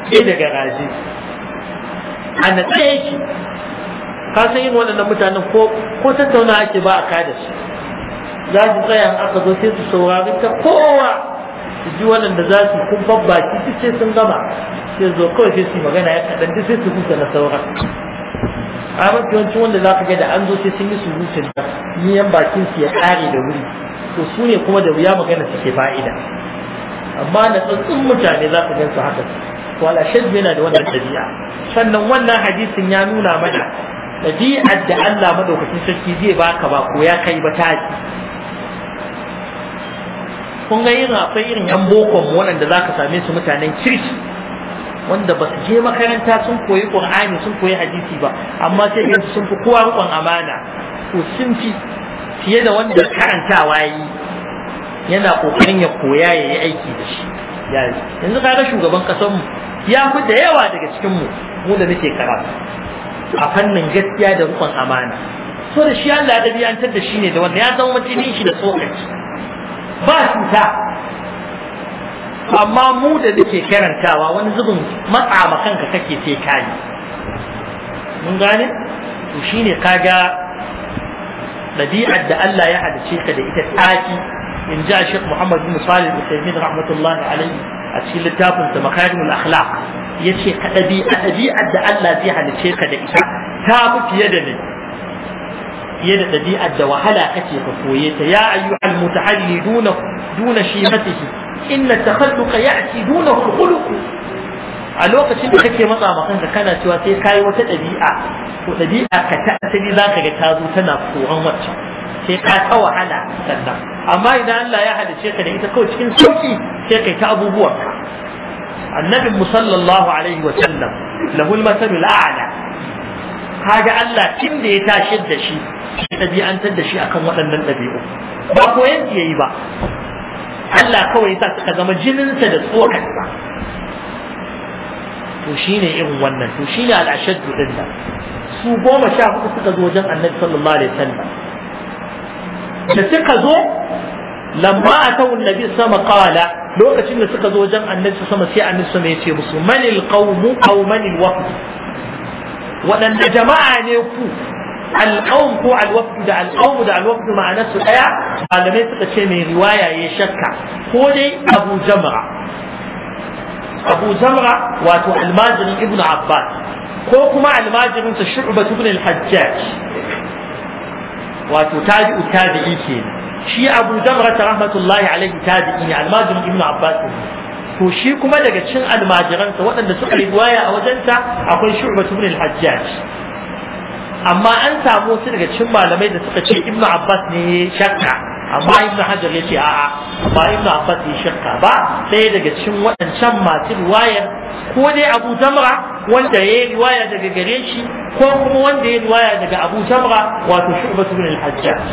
sai da garaje a natsa yake ka san yin waɗannan mutanen ko ko tattauna ake ba a da su za su tsaya aka zo sai su saurari ta kowa su ji waɗanda za su kun babbaki su ce sun gama sai zo kawai sai su magana ya kaɗan sai su huta na sauran a mafi yawanci wanda za ka ga da an zo sai sun yi su da niyan bakin su ya ƙare da wuri to su ne kuma da wuya magana suke fa'ida amma na tsantsin mutane za ka gan su haka to ala shaddu yana da wannan dabi'a sannan wannan hadisin ya nuna mana dabi'ar da Allah madaukakin sarki zai baka ba ko ya kai ba taki kun ga irin akwai irin yan bokon waɗanda za ka same su mutanen kirki wanda ba su je makaranta sun koyi ƙur'ani sun koyi hadisi ba amma sai ga sun fi kowa rukun amana to sun fi fiye da wanda karantawa yi yana ƙoƙarin ya koya ya yi aiki da shi ya yanzu kaga shugaban kasar mu ya fi da yawa daga cikin mu mu da muke karatu a fannin gaskiya da rukun amana so da shi Allah ya antar da shi ne da wanda ya zama matinin shi da tsokaci ba cuta amma mu da muke karantawa wani zubin matsa ma kanka kake sai kai mun gane to shine kaga ɗabi'ar da Allah ya halice ka da ita taki in ji a shek muhammad bin salih usaimin rahmatullahi alaihi a cikin littafin sa makarimul akhlaq yace ka ɗabi'a dabi'ar da Allah zai halice ka da ita ta fi fiye da ni fiye da dabi'ar da wahala kake ka koye ta ya ayyuhal mutahalli duna duna shimatihi inna takhalluqa ya'ti duna khuluqu a lokacin da kake matsa ma kanka kana cewa sai kai wata ɗabi'a. to ɗabi'a ka ta asali zaka ga ta zo tana koran waccan sai ka ta wahala sannan amma idan Allah ya halice ka da ita kawai cikin sauki sai kai ta abubuwan ka annabi musallallahu alaihi wa sallam lahul masalul a'la kaga Allah tun da ya tashi da shi shi ɗabi'antar da shi akan waɗannan ɗabi'u ba koyan yi ba Allah kawai sa suka zama jininsa da tsokarsa to shine irin wannan to shine al-ashaddu din su goma sha hudu suka zo wajen annabi sallallahu alaihi wasallam لسكزو لما أتوا النبي صلى الله عليه وسلم قال lokacin da suka zo wajen annabi sama sai annabi sama ya ce musu manil qawmu aw manil wafd waɗanda jama'a ne ku alqawm ko alwafd da alqawm da alwafd ma'ana su daya malamai suka ce mai riwaya ya shakka ko dai abu jamra abu jamra wato almajirin ibnu abbas ko kuma almajirin sa shu'bah ibn al-hajjaj wato tabi'u tabi'i ke shi abu zamra ta rahmatullahi alaihi tabi'i ne almajirin ibnu abbas to shi kuma daga cin almajiransa waɗanda suka riwaya a wajensa akwai shu'batu ibn al-hajjaj amma an samu su daga cin malamai da suka ce ibnu abbas ne shakka amma ibnu hajar ya ce a'a ba ibnu abbas ya shakka ba ɗaya daga cin waɗancan masu riwayar ko dai abu zamra wanda ya yi riwaya daga gare shi ko kuma wanda ya yi riwaya daga Abu Jamra wato Shu'bah ibn al-Hajjaj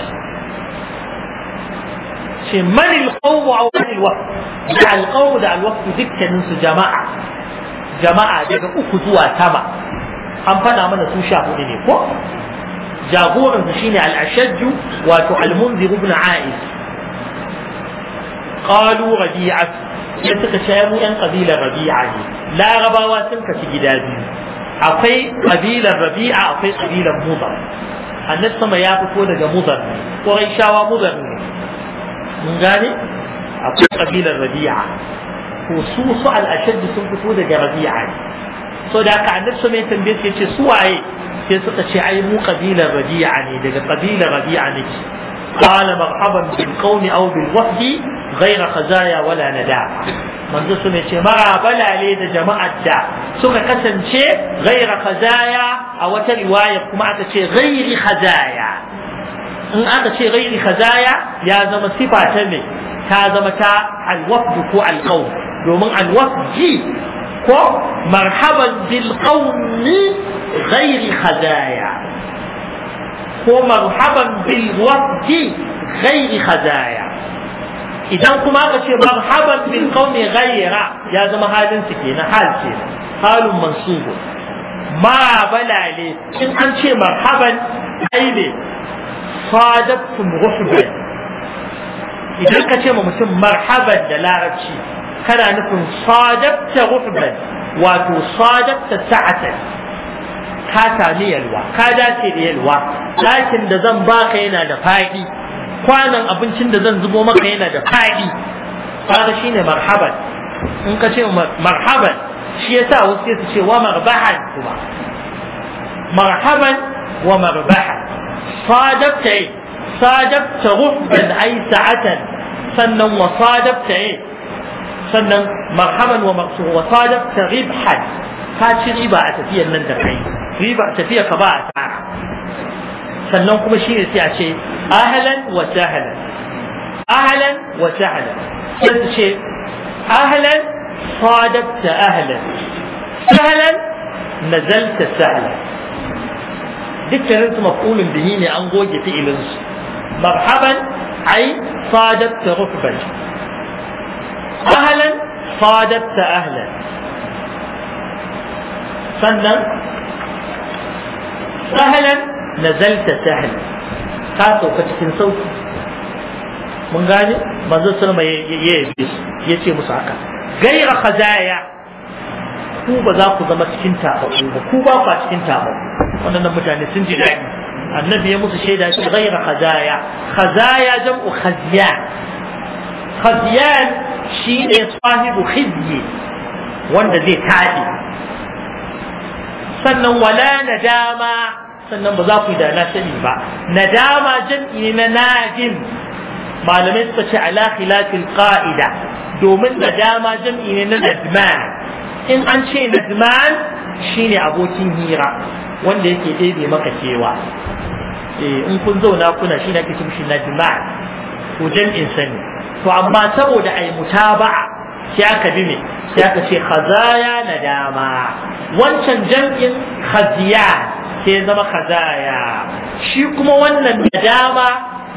ce man al-qawm aw man al-waqf da al-qawm da al-waqf dukkanin su jama'a jama'a daga uku zuwa sama an fada mana su sha hudu ne ko jagoran su shine al-ashajj wato al-munzir ibn a'is qalu radi'atu ya suka shayar mu 'yan ƙabilar rabi'a ne larabawa sun kaci gida biyu akwai ƙabilar rabi'a akwai ƙabilar muzar annas sama ya fito daga muzar ne ƙwarai shawa muzar ne mun gane akwai ƙabilar rabi'a ko su su al'ashad sun fito daga rabi'a ne so da haka annas sama ya tambaye su ya ce su waye sai suka ce ai mu ƙabilar rabi'a ne daga ƙabilar rabi'a ne قال مرحبا بالقوم أو بالوحد غير خزايا ولا نداء manzo su ne ce mara balale da jama'ar da suka kasance raira kazaya a wata riwaya kuma aka ce gairi khazaya in aka ce gairi khazaya ya zama sifata ta ta zama ta alwafd ko alqaum domin alwafd ko marhaban bil rairi gairi khazaya ko marhaban bil wafdi ghairi khazaya idan kuma aka ce marhaban bil qaumi ghaira ya zama halin su kenan hal kenan halun mansubu ma balale in an ce marhaban ai ne sadatum ruhban idan ka ce ma mutum marhaban da larabci kana nufin sadabta ruhban wato sadabta sa'atan ka sami yalwa ka dace da yalwa ɗakin da zan baka yana da faɗi kwanan abincin da zan zubo maka yana da faɗi kaga shine marhaban in ka ce marhaban shi yasa wasu su ce wa marbahan kuma marhaban wa marbahan sadabta yi eh, sadabta ruhban ai sa'atan sannan wa sadabta yi eh, sannan marhaban wa sadabta ribhan ka ci riba a tafiyan nan da kai riba tafiya ka ba a tara sannan kuma shi ne sai a ce ahlan wa sahlan ahlan wa sahlan sai su ce ahlan sadabta ahlan sahlan nazalta sahlan dukkanin su maf'ulun bihi ne an goge fi'ilin su marhaban ai sadabta rukban ahlan sadabta ahlan sannan sahlan nazalta sahlan ka sauka cikin sauki mun gane manzo sallama ya yabe ya ce musu haka gaira khazaya ku ba za ku zama cikin tabaku ba ku ba ku cikin tabaku wannan mutane sun ji daɗi annabi ya musu shaida shi gaira khazaya khazaya jam'u khazyan khazyan shi ne sahibu khizyi wanda zai tashi sannan wala nadama sannan ba za ku yi da na sani ba nadama jam'i ne na nadim malamai suka ce ala khilafil qa'ida domin nadama jam'i ne na nadman in an ce nadman shine abokin hira wanda yake ɗebe maka cewa eh, in kun zauna kuna shi na kicin shi nadman ko jam'in sani to amma saboda ai mutaba'a sai aka bi me sai aka ce khazaya nadama wancan jam'in khaziya sai zama khazaya shi kuma wannan nadama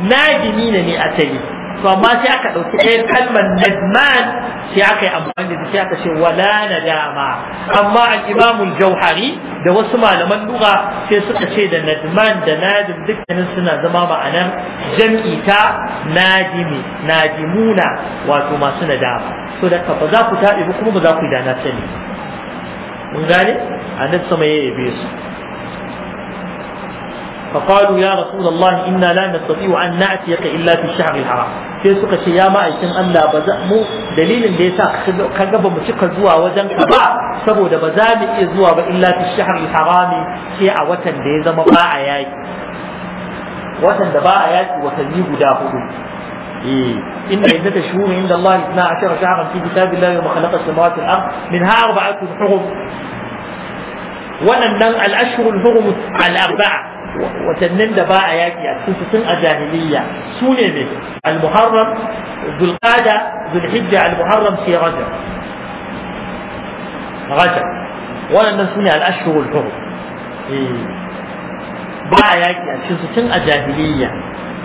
nagini ne ne asali to amma sai aka ɗauki ɗaya kalmar nadman sai aka yi amfani da sai aka ce wala nadama amma al-imamul jauhari da wasu malaman lugha sai suka ce da nadman da nadim dukkanin suna zama ma'anar jam'i ta nadimi wato masu nadama to da ba za ku taɓe ba kuma ba za ku yi dana sani mun gane nan sama ya yabe su فقالوا يا رسول الله إنا لا نستطيع أن نأتيك إلا في الشهر الحرام sai suka ce ya ma'aikin Allah ba za mu dalilin da yasa ka ga ba mu cika zuwa wajen ka ba saboda ba za mu iya zuwa ba illa fi shahr harami sai a watan da ya zama ba a yaki watan da ba a yaki watanni guda hudu إن عدة شهور عند الله 12 شهرا في كتاب الله يوم خلق السماوات والأرض منها أربعة حرم ونن الأشهر الحرم الأربعة watannin da ba a yaƙi a cikin sun a jahiliya su ne mai al-muharram zulqada zulhijja al-muharram sai rajab rajab wannan su ne al-ashhurul hurum eh. ba a yaƙi a cikin sun a jahiliya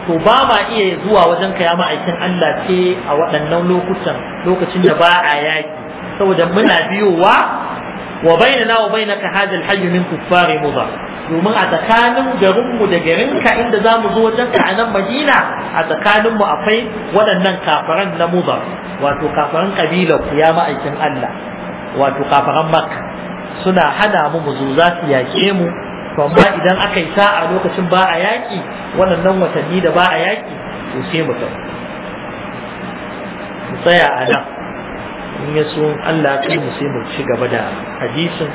to ba ma iya zuwa wajen kaya ma'aikin Allah ce a waɗannan lokutan lokacin da ba a yaƙi saboda muna biyowa wa bainana wa bainaka hadal hayy min kuffari mudar domin a tsakanin garinmu da ka inda zamu zo wajen ka a nan madina a tsakaninmu akwai waɗannan kafaran na mudar wato kafaran ƙabilar ku ya ma'aikin Allah wato kafaran makka suna hana mu mu zo za su yaƙe mu amma idan aka yi sa'a lokacin ba a yaki, waɗannan watanni da ba a yaki, to sai mu tsaya a nan in ya so Allah kai mu sai mu ci gaba da hadisin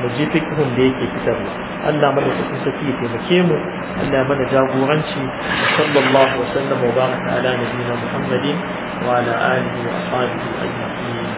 mu ji fikhun da yake fitarwa Allah mana su saki ta taimake mu Allah mana jagoranci sallallahu alaihi wa sallam wa baraka ala nabiyina Muhammadin wa ala alihi wa sahbihi ajma'in